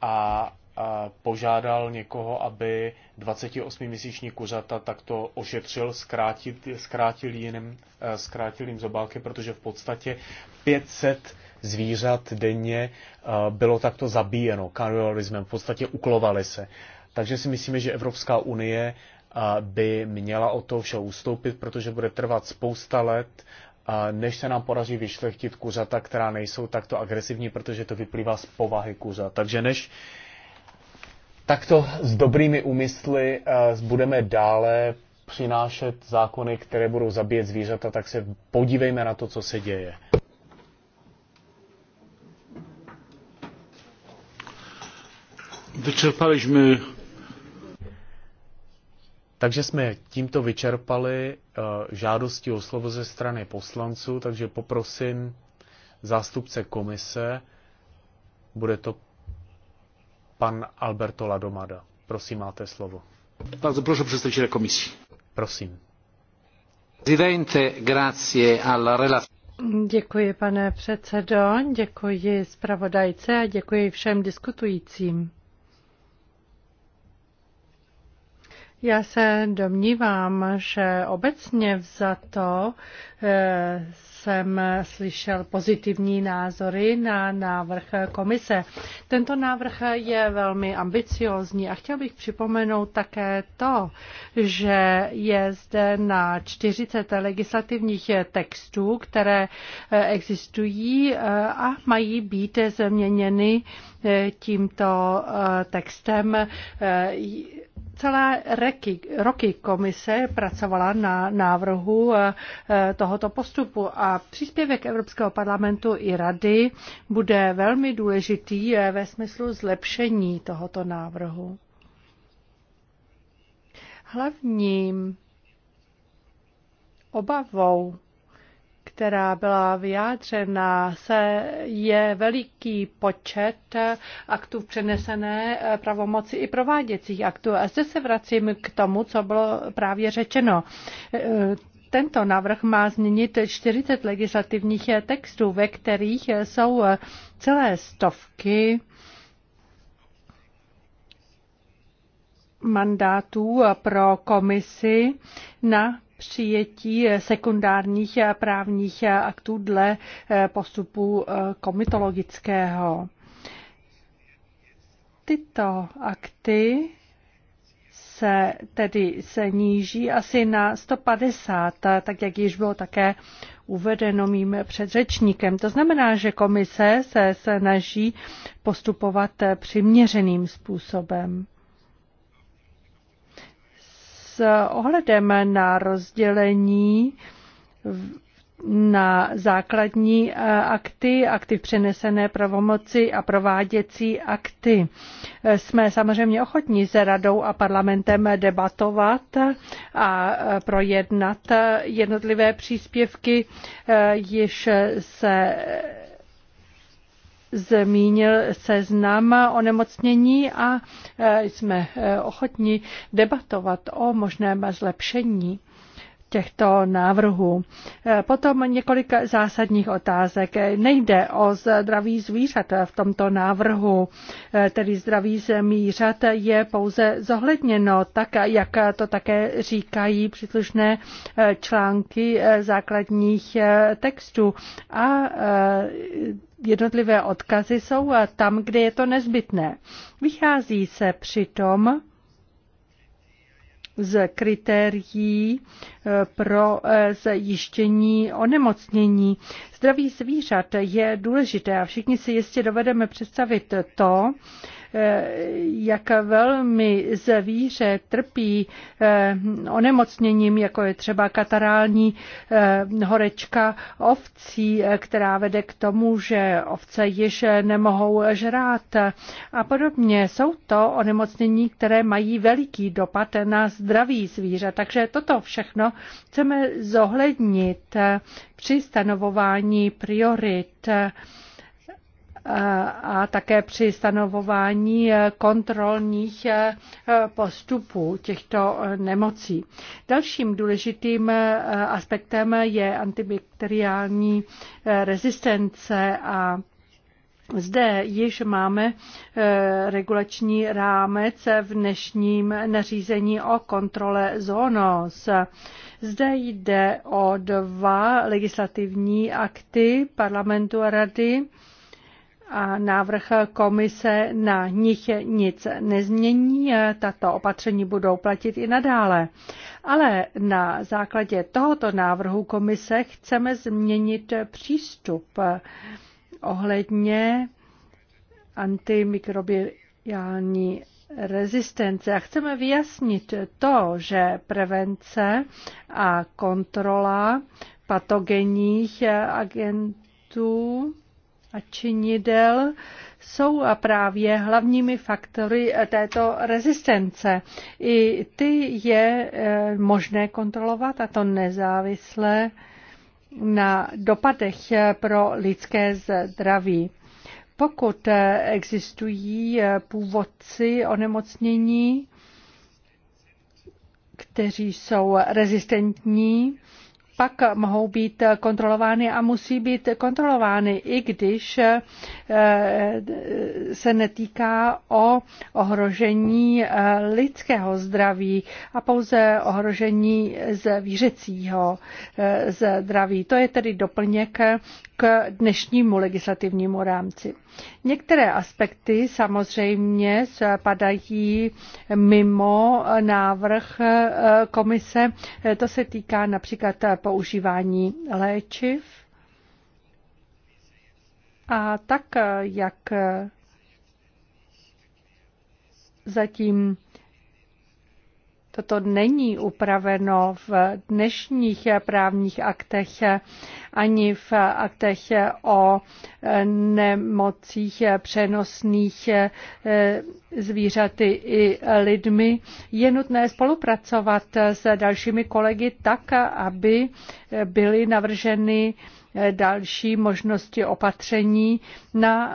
a požádal někoho, aby 28-měsíční kuřata takto ošetřil, zkrátit zkrátil, jiným, eh, zkrátil jim zobálky, protože v podstatě 500 zvířat denně eh, bylo takto zabíjeno kanibalismem, v podstatě uklovali se. Takže si myslíme, že Evropská unie eh, by měla o to vše ustoupit, protože bude trvat spousta let, než se nám podaří vyšlechtit kuřata, která nejsou takto agresivní, protože to vyplývá z povahy kuřat. Takže než takto s dobrými úmysly eh, budeme dále přinášet zákony, které budou zabíjet zvířata, tak se podívejme na to, co se děje. Vyčerpali jsme. Takže jsme tímto vyčerpali eh, žádosti o slovo ze strany poslanců, takže poprosím zástupce komise, bude to pan Alberto Ladomada. Prosím, máte slovo. Bardzo proszę przedstawiciela komisji. Prosím. Děkuji, pane předsedo, děkuji zpravodajce a děkuji všem diskutujícím. Já se domnívám, že obecně vzato eh, jsem slyšel pozitivní názory na návrh komise. Tento návrh je velmi ambiciózní a chtěl bych připomenout také to, že je zde na 40 legislativních textů, které eh, existují eh, a mají být změněny tímto textem Celé reky, roky komise pracovala na návrhu eh, eh, tohoto postupu a příspěvek Evropského parlamentu i rady bude velmi důležitý eh, ve smyslu zlepšení tohoto návrhu. Hlavním obavou která byla vyjádřena, se je veliký počet aktů přenesené eh, pravomoci i prováděcích aktů. A zde se vracím k tomu, co bylo právě řečeno eh, tento návrh má změnit 40 legislativních textů, ve kterých jsou celé stovky mandátů pro komisi na přijetí sekundárních právních aktů dle postupu eh, komitologického. Tyto akty se tedy sníží asi na 150, tak jak již bylo také uvedeno mým předřečníkem. To znamená, že komise se snaží postupovat přiměřeným způsobem s ohledem na rozdělení na základní eh, akty, akty přenesené pravomoci a prováděcí akty. Eh, jsme samozřejmě ochotní se radou a parlamentem debatovat a eh, projednat jednotlivé příspěvky, již se zmínil seznam onemocnění a e, jsme e, ochotni debatovat o možném zlepšení těchto návrhů. E, potom několik zásadních otázek. Nejde o zdraví zvířat v tomto návrhu, tedy zdraví zvířat je pouze zohledněno, tak jak to také říkají příslušné články základních textů a jednotlivé odkazy jsou tam, kde je to nezbytné. Vychází se přitom z kritérií eh, pro eh, zjištění onemocnění. Zdraví zvířat je důležité a všichni si jistě dovedeme představit to, Eh, jak velmi zvíře trpí eh, onemocněním, jako je třeba katarální eh, horečka ovcí, která vede k tomu, že ovce již nemohou žrát a podobně. Jsou to onemocnění, které mají veliký dopad na zdraví zvíře. Takže toto všechno chceme zohlednit při stanovování priorit a také při stanovování kontrolních postupů těchto nemocí. Dalším důležitým aspektem je antibakteriální rezistence a zde již máme eh, regulační rámec v dnešním nařízení o kontrole zónos. Zde jde o dva legislativní akty parlamentu a rady a návrh komise na nich nic nezmění. Tato opatření budou platit i nadále. Ale na základě tohoto návrhu komise chceme změnit přístup ohledně antimikrobiální rezistence. A chceme vyjasnit to, že prevence a kontrola patogenních agentů a činidel jsou a právě hlavními faktory této rezistence. I ty je eh, možné kontrolovat a to nezávisle na dopadech eh, pro lidské zdraví. Pokud eh, existují původci onemocnění, kteří jsou rezistentní, pak mohou být kontrolovány a musí být kontrolovány, i když eh, se netýká o ohrožení eh, lidského zdraví a pouze ohrožení zvířecího eh, zdraví. To je tedy doplněk dnešnímu legislativnímu rámci. Některé aspekty samozřejmě padají mimo návrh eh, komise. Eh, to se týká například používání léčiv. A tak, eh, jak zatím Toto není upraveno v dnešních právních aktech ani v aktech o nemocích přenosných zvířaty i lidmi. Je nutné spolupracovat s dalšími kolegy tak, aby byly navrženy další možnosti opatření na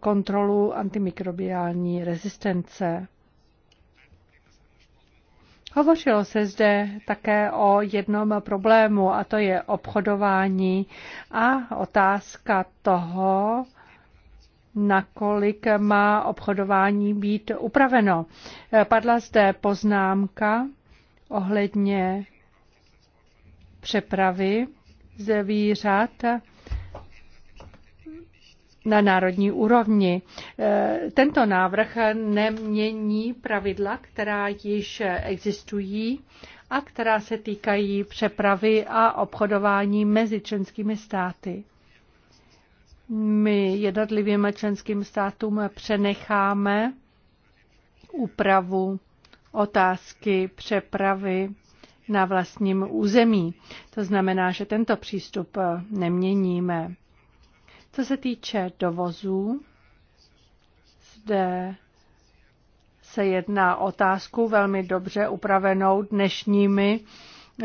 kontrolu antimikrobiální rezistence. Hovořilo se zde také o jednom problému, a to je obchodování a otázka toho, nakolik má obchodování být upraveno. Padla zde poznámka ohledně přepravy zvířat na národní úrovni. E, tento návrh nemění pravidla, která již existují a která se týkají přepravy a obchodování mezi členskými státy. My jednotlivým členským státům přenecháme úpravu otázky přepravy na vlastním území. To znamená, že tento přístup neměníme. Co se týče dovozů, zde se jedná o otázku velmi dobře upravenou dnešními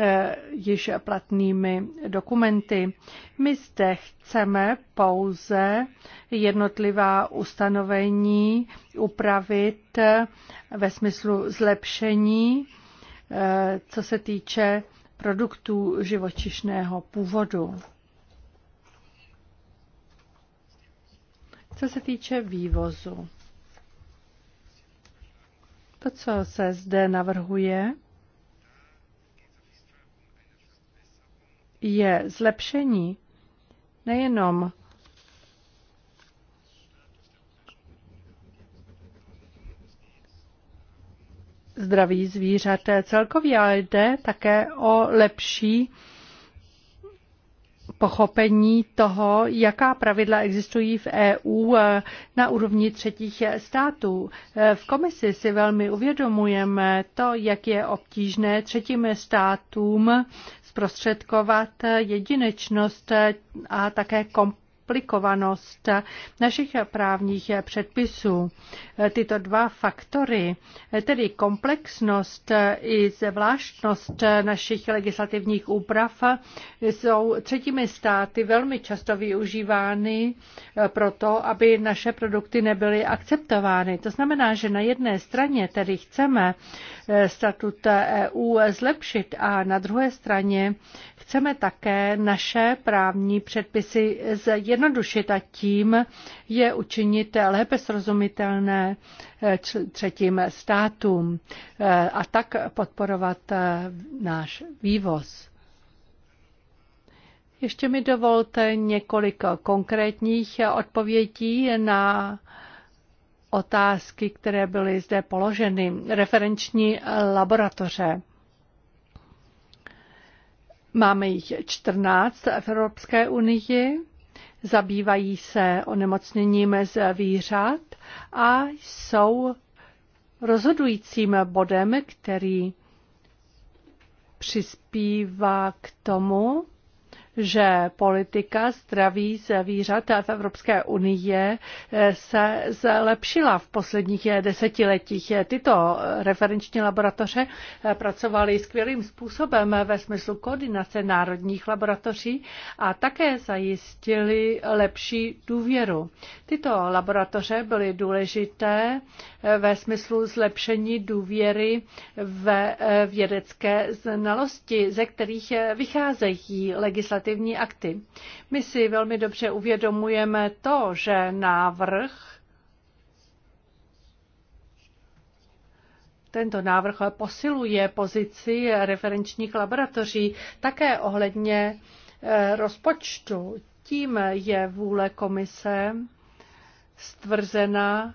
eh, již platnými dokumenty. My zde chceme pouze jednotlivá ustanovení upravit eh, ve smyslu zlepšení, eh, co se týče produktů živočišného původu. Co se týče vývozu, to, co se zde navrhuje, je zlepšení nejenom zdraví zvířat celkově, ale jde také o lepší pochopení toho, jaká pravidla existují v EU eh, na úrovni třetích států. Eh, v komisi si velmi uvědomujeme to, jak je obtížné třetím státům zprostředkovat jedinečnost eh, a také komplexnost aplikovanost našich právních předpisů. Tyto dva faktory, tedy komplexnost i zvláštnost našich legislativních úprav, jsou třetími státy velmi často využívány proto, aby naše produkty nebyly akceptovány. To znamená, že na jedné straně tedy chceme statut EU zlepšit a na druhé straně chceme také naše právní předpisy zjednodušit zjednodušit a tím je učinit lépe srozumitelné eh, třetím státům eh, a tak podporovat eh, náš vývoz. Ještě mi dovolte několik konkrétních odpovědí na otázky, které byly zde položeny. Referenční laboratoře. Máme jich 14 v Evropské unii zabývají se onemocněním zvířat a jsou rozhodujícím bodem, který přispívá k tomu, že politika zdraví zvířat v Evropské unii se zlepšila v posledních desetiletích. Tyto referenční laboratoře pracovaly skvělým způsobem ve smyslu koordinace národních laboratoří a také zajistili lepší důvěru. Tyto laboratoře byly důležité ve smyslu zlepšení důvěry ve vědecké znalosti, ze kterých vycházejí legislativní legislativní akty. My si velmi dobře uvědomujeme to, že návrh Tento návrh posiluje pozici referenčních laboratoří také ohledně eh, rozpočtu. Tím je vůle komise stvrzena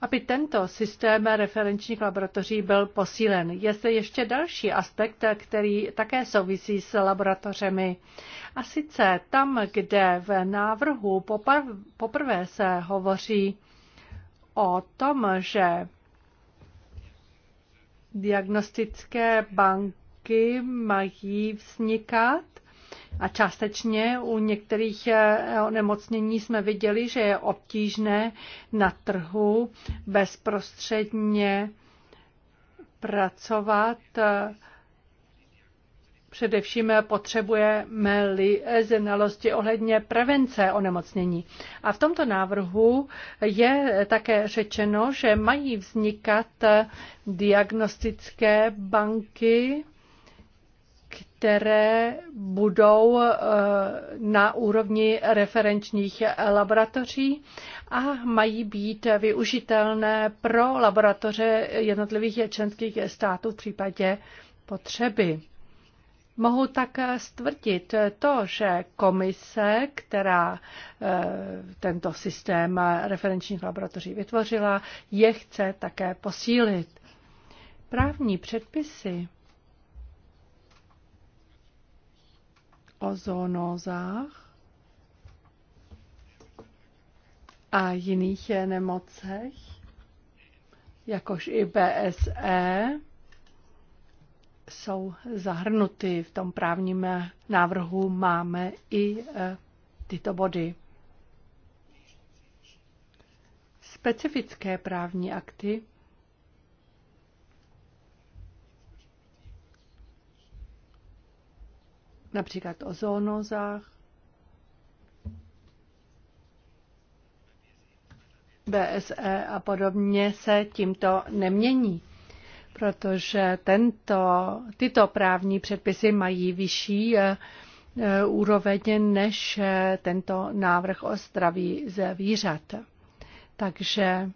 aby tento systém referenčních laboratoří byl posílen. Je zde ještě další aspekt, který také souvisí s laboratořemi. A sice tam, kde v návrhu poprvé se hovoří o tom, že diagnostické banky mají vznikat, a částečně u některých eh, onemocnění jsme viděli, že je obtížné na trhu bezprostředně pracovat Především potřebujeme-li znalosti ohledně prevence onemocnění. A v tomto návrhu je také řečeno, že mají vznikat diagnostické banky které budou eh, na úrovni referenčních laboratoří a mají být využitelné pro laboratoře jednotlivých členských států v případě potřeby. Mohu tak stvrdit to, že komise, která eh, tento systém referenčních laboratoří vytvořila, je chce také posílit. Právní předpisy o zoonózách a jiných nemocech, jakož i BSE, jsou zahrnuty. V tom právním návrhu máme i e, tyto body. Specifické právní akty například o zoonozách, BSE a podobně se tímto nemění, protože tento, tyto právní předpisy mají vyšší eh, eh, úroveň než eh, tento návrh o zdraví zvířat. Takže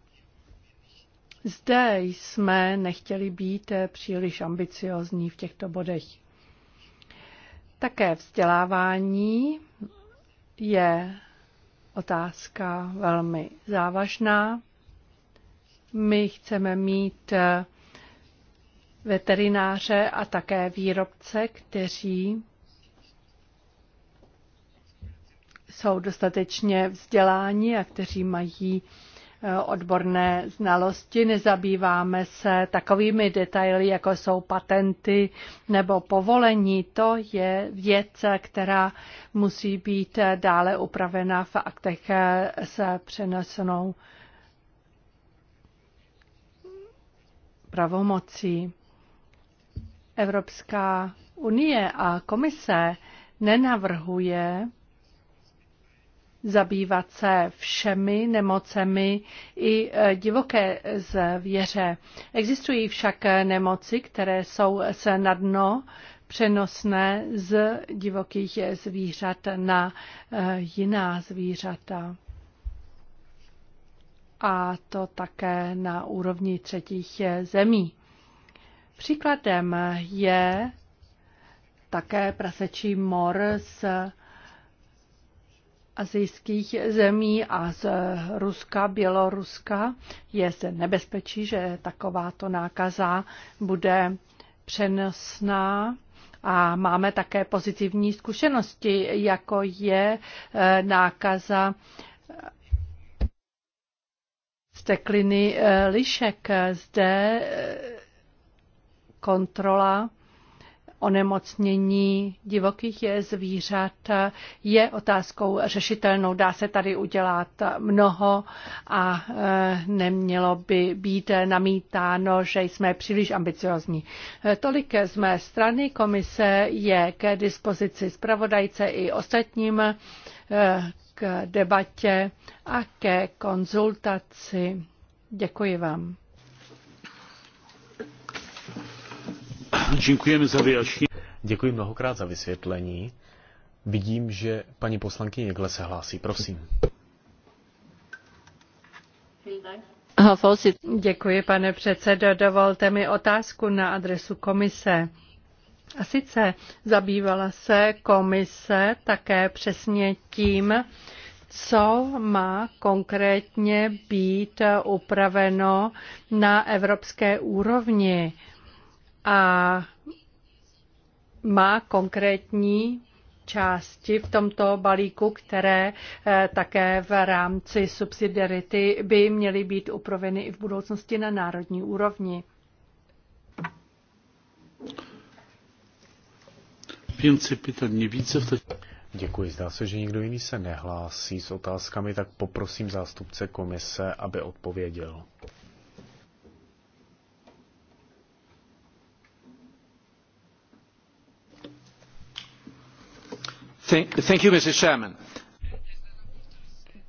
zde jsme nechtěli být příliš ambiciozní v těchto bodech. Také vzdělávání je otázka velmi závažná. My chceme mít eh, veterináře a také výrobce, kteří jsou dostatečně vzděláni a kteří mají odborné znalosti, nezabýváme se takovými detaily, jako jsou patenty nebo povolení. To je věc, která musí být dále upravena v aktech se přenesenou pravomocí. Evropská unie a komise nenavrhuje zabývat se všemi nemocemi i e, divoké zvěře. Existují však nemoci, které jsou se na dno přenosné z divokých zvířat na e, jiná zvířata. A to také na úrovni třetích zemí. Příkladem je také prasečí mor z azijských zemí a z Ruska, Běloruska je zde nebezpečí, že takováto nákaza bude přenosná. A máme také pozitivní zkušenosti, jako je e, nákaza stekliny e, lišek. Zde e, kontrola onemocnění divokých zvířat je otázkou řešitelnou. Dá se tady udělat mnoho a e, nemělo by být namítáno, že jsme příliš ambiciozní. E, tolik z mé strany komise je k dispozici zpravodajce i ostatním e, k debatě a ke konzultaci. Děkuji vám. Děkuji mnohokrát za vysvětlení. Vidím, že paní poslankyně Jegle se hlásí. Prosím. Děkuji, pane předsedo. Dovolte mi otázku na adresu komise. A sice zabývala se komise také přesně tím, co má konkrétně být upraveno na evropské úrovni a má konkrétní části v tomto balíku, které eh, také v rámci subsidiarity by měly být uproveny i v budoucnosti na národní úrovni. Děkuji. Zdá se, že nikdo jiný se nehlásí s otázkami, tak poprosím zástupce komise, aby odpověděl.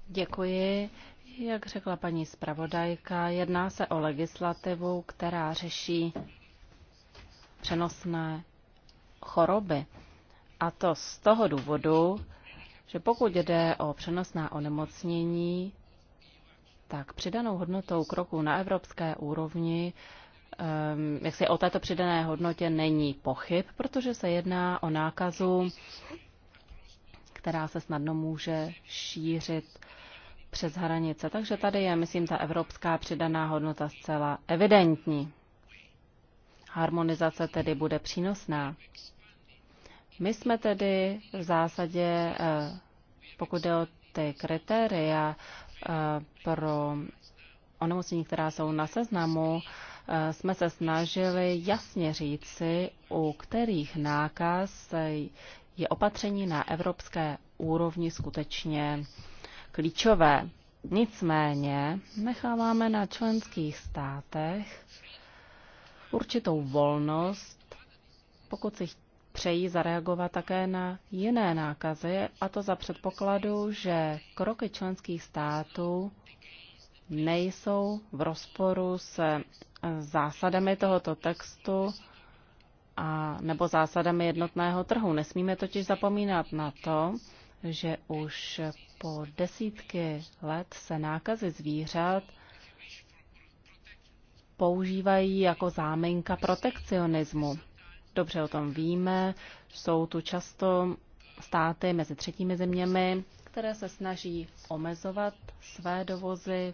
Děkuji. Jak řekla paní zpravodajka, jedná se o legislativu, která řeší přenosné choroby. A to z toho důvodu, že pokud jde o přenosná onemocnění, tak přidanou hodnotou kroků na evropské úrovni, ehm, jak se o této přidané hodnotě není pochyb, protože se jedná o nákazu která se snadno může šířit přes hranice. Takže tady je, myslím, ta evropská přidaná hodnota zcela evidentní. Harmonizace tedy bude přínosná. My jsme tedy v zásadě, eh, pokud jde o ty kritéria eh, pro onemocnění, která jsou na seznamu, eh, jsme se snažili jasně říci, u kterých nákaz je opatření na evropské úrovni skutečně klíčové. Nicméně necháváme na členských státech určitou volnost, pokud si přejí zareagovat také na jiné nákazy, a to za předpokladu, že kroky členských států nejsou v rozporu se zásadami tohoto textu a nebo zásadami jednotného trhu. Nesmíme totiž zapomínat na to, že už po desítky let se nákazy zvířat používají jako záminka protekcionismu. Dobře o tom víme, jsou tu často státy mezi třetími zeměmi, které se snaží omezovat své dovozy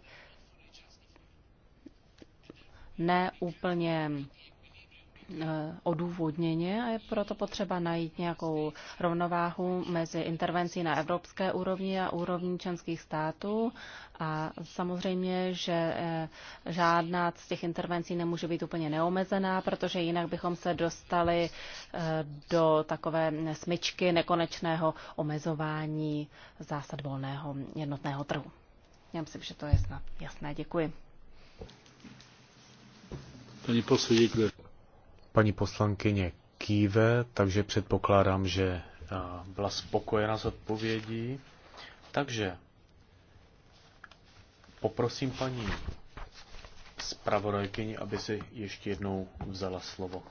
ne úplně Eh, odůvodněně a je proto potřeba najít nějakou rovnováhu mezi intervencí na evropské úrovni a úrovní členských států. A samozřejmě, že eh, žádná z těch intervencí nemůže být úplně neomezená, protože jinak bychom se dostali eh, do takové smyčky nekonečného omezování zásad volného jednotného trhu. Já myslím, že to je snad jasné. Děkuji. Pani posledník paní poslankyně kýve, takže předpokládám, že eh, byla spokojena s odpovědí. Takže poprosím paní zpravodajkyni, aby si ještě jednou vzala slovo,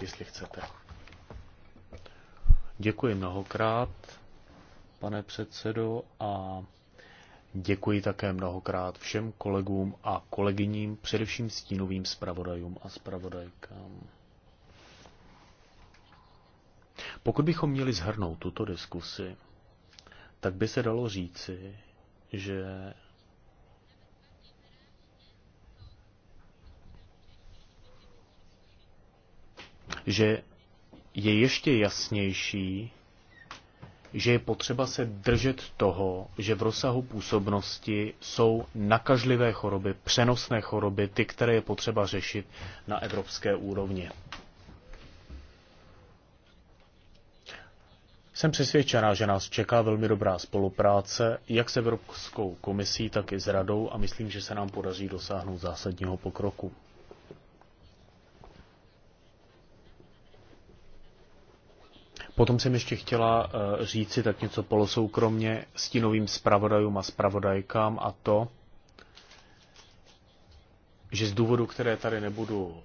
jestli chcete. Děkuji mnohokrát, pane předsedo, a děkuji také mnohokrát všem kolegům a kolegyním, především stínovým zpravodajům a zpravodajkám. Pokud bychom měli zhrnout tuto diskusi, tak by se dalo říci, že že je ještě jasnější, že je potřeba se držet toho, že v rozsahu působnosti jsou nakažlivé choroby, přenosné choroby, ty, které je potřeba řešit na evropské úrovni. Jsem přesvědčená, že nás čeká velmi dobrá spolupráce, jak s Evropskou komisí, tak i s Radou a myslím, že se nám podaří dosáhnout zásadního pokroku. Potom jsem ještě chtěla eh, říci tak něco polosoukromně stínovým zpravodajům a zpravodajkám a to, že z důvodu, které tady nebudu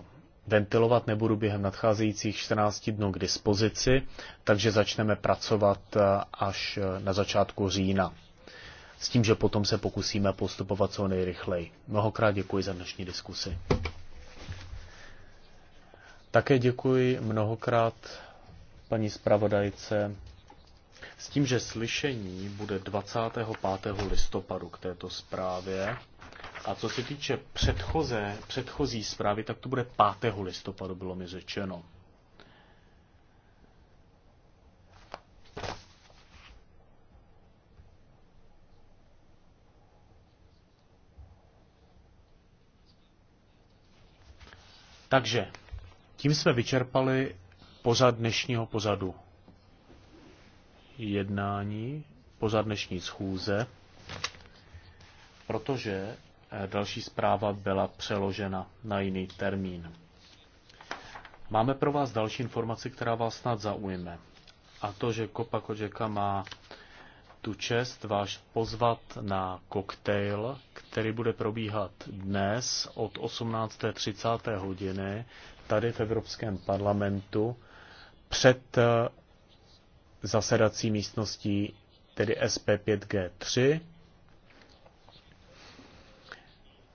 eh, ventilovat, nebudu během nadcházejících 14 dnů k dispozici, takže začneme pracovat eh, až eh, na začátku října. S tím, že potom se pokusíme postupovat co nejrychleji. Mnohokrát děkuji za dnešní diskusi. Také děkuji mnohokrát paní zpravodajce s tím, že slyšení bude 25. listopadu k této zprávě. A co se týče předchoze, předchozí zprávy, tak to bude 5. listopadu, bylo mi řečeno. Takže tím jsme vyčerpali pořad dnešního pozadu. jednání, pořad dnešní schůze protože eh, další zpráva byla přeložena na jiný termín. Máme pro vás další informaci, která vás snad zaujme. A to, že Kopa Kočeka má tu čest váš pozvat na koktejl, který bude probíhat dnes od 18.30 hodiny tady v Evropském parlamentu před eh, zasedací místností, tedy SP5G3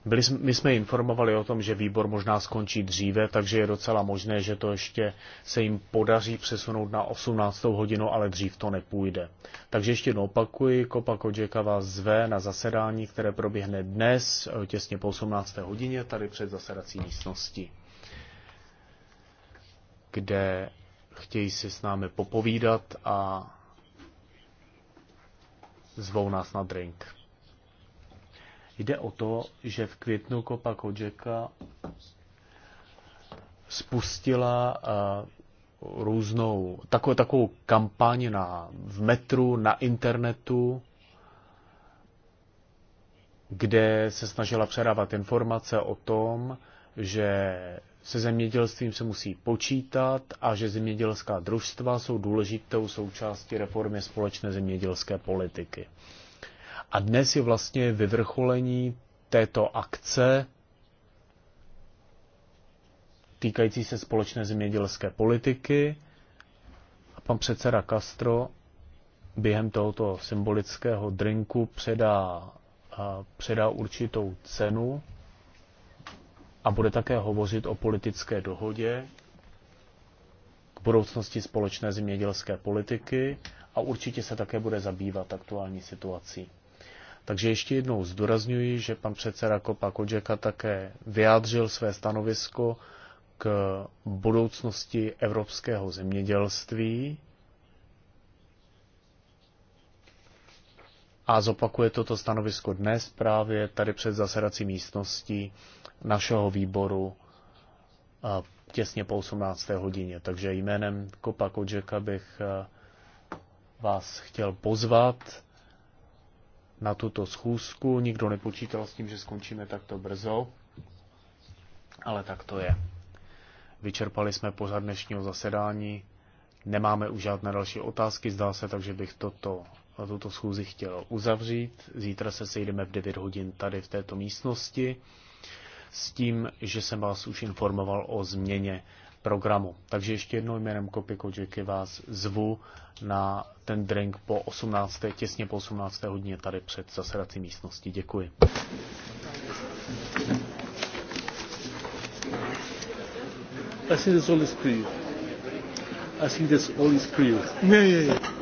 byli, my jsme informovali o tom, že výbor možná skončí dříve, takže je docela možné, že to ještě se jim podaří přesunout na 18. hodinu, ale dřív to nepůjde. Takže ještě jednou opakuji, Kopa Kodžeka vás zve na zasedání, které proběhne dnes, eh, těsně po 18. hodině, tady před zasedací místností, kde chtějí si s námi popovídat a zvou nás na drink. Jde o to, že v květnu Kopa Kodžeka spustila eh, různou takovou, takovou kampaň na, v metru, na internetu, kde se snažila předávat informace o tom, že se zemědělstvím se musí počítat a že zemědělská družstva jsou důležitou součástí reformy společné zemědělské politiky. A dnes je vlastně vyvrcholení této akce týkající se společné zemědělské politiky. A pan předseda Castro během tohoto symbolického drinku předá, předá určitou cenu a bude také hovořit o politické dohodě k budoucnosti společné zemědělské politiky a určitě se také bude zabývat aktuální situací. Takže ještě jednou zdůrazňuji, že pan předseda Kopa Kodžeka také vyjádřil své stanovisko k budoucnosti evropského zemědělství a zopakuje toto stanovisko dnes právě tady před zasedací místností našeho výboru těsně po 18. hodině. Takže jménem Kopa Kodžeka bych vás chtěl pozvat na tuto schůzku. Nikdo nepočítal s tím, že skončíme takto brzo, ale tak to je. Vyčerpali jsme pořad dnešního zasedání. Nemáme už žádné další otázky, zdá se, takže bych toto, tuto schůzi chtěl uzavřít. Zítra se sejdeme v 9 hodin tady v této místnosti s tím, že jsem vás už informoval o změně programu. Takže ještě jednou jménem Kopy Kočeky vás zvu na ten drink po 18. těsně po 18. hodině tady před zasedací místností. Děkuji. I think that's all is clear. I think that's all is clear. Yeah, yeah, yeah.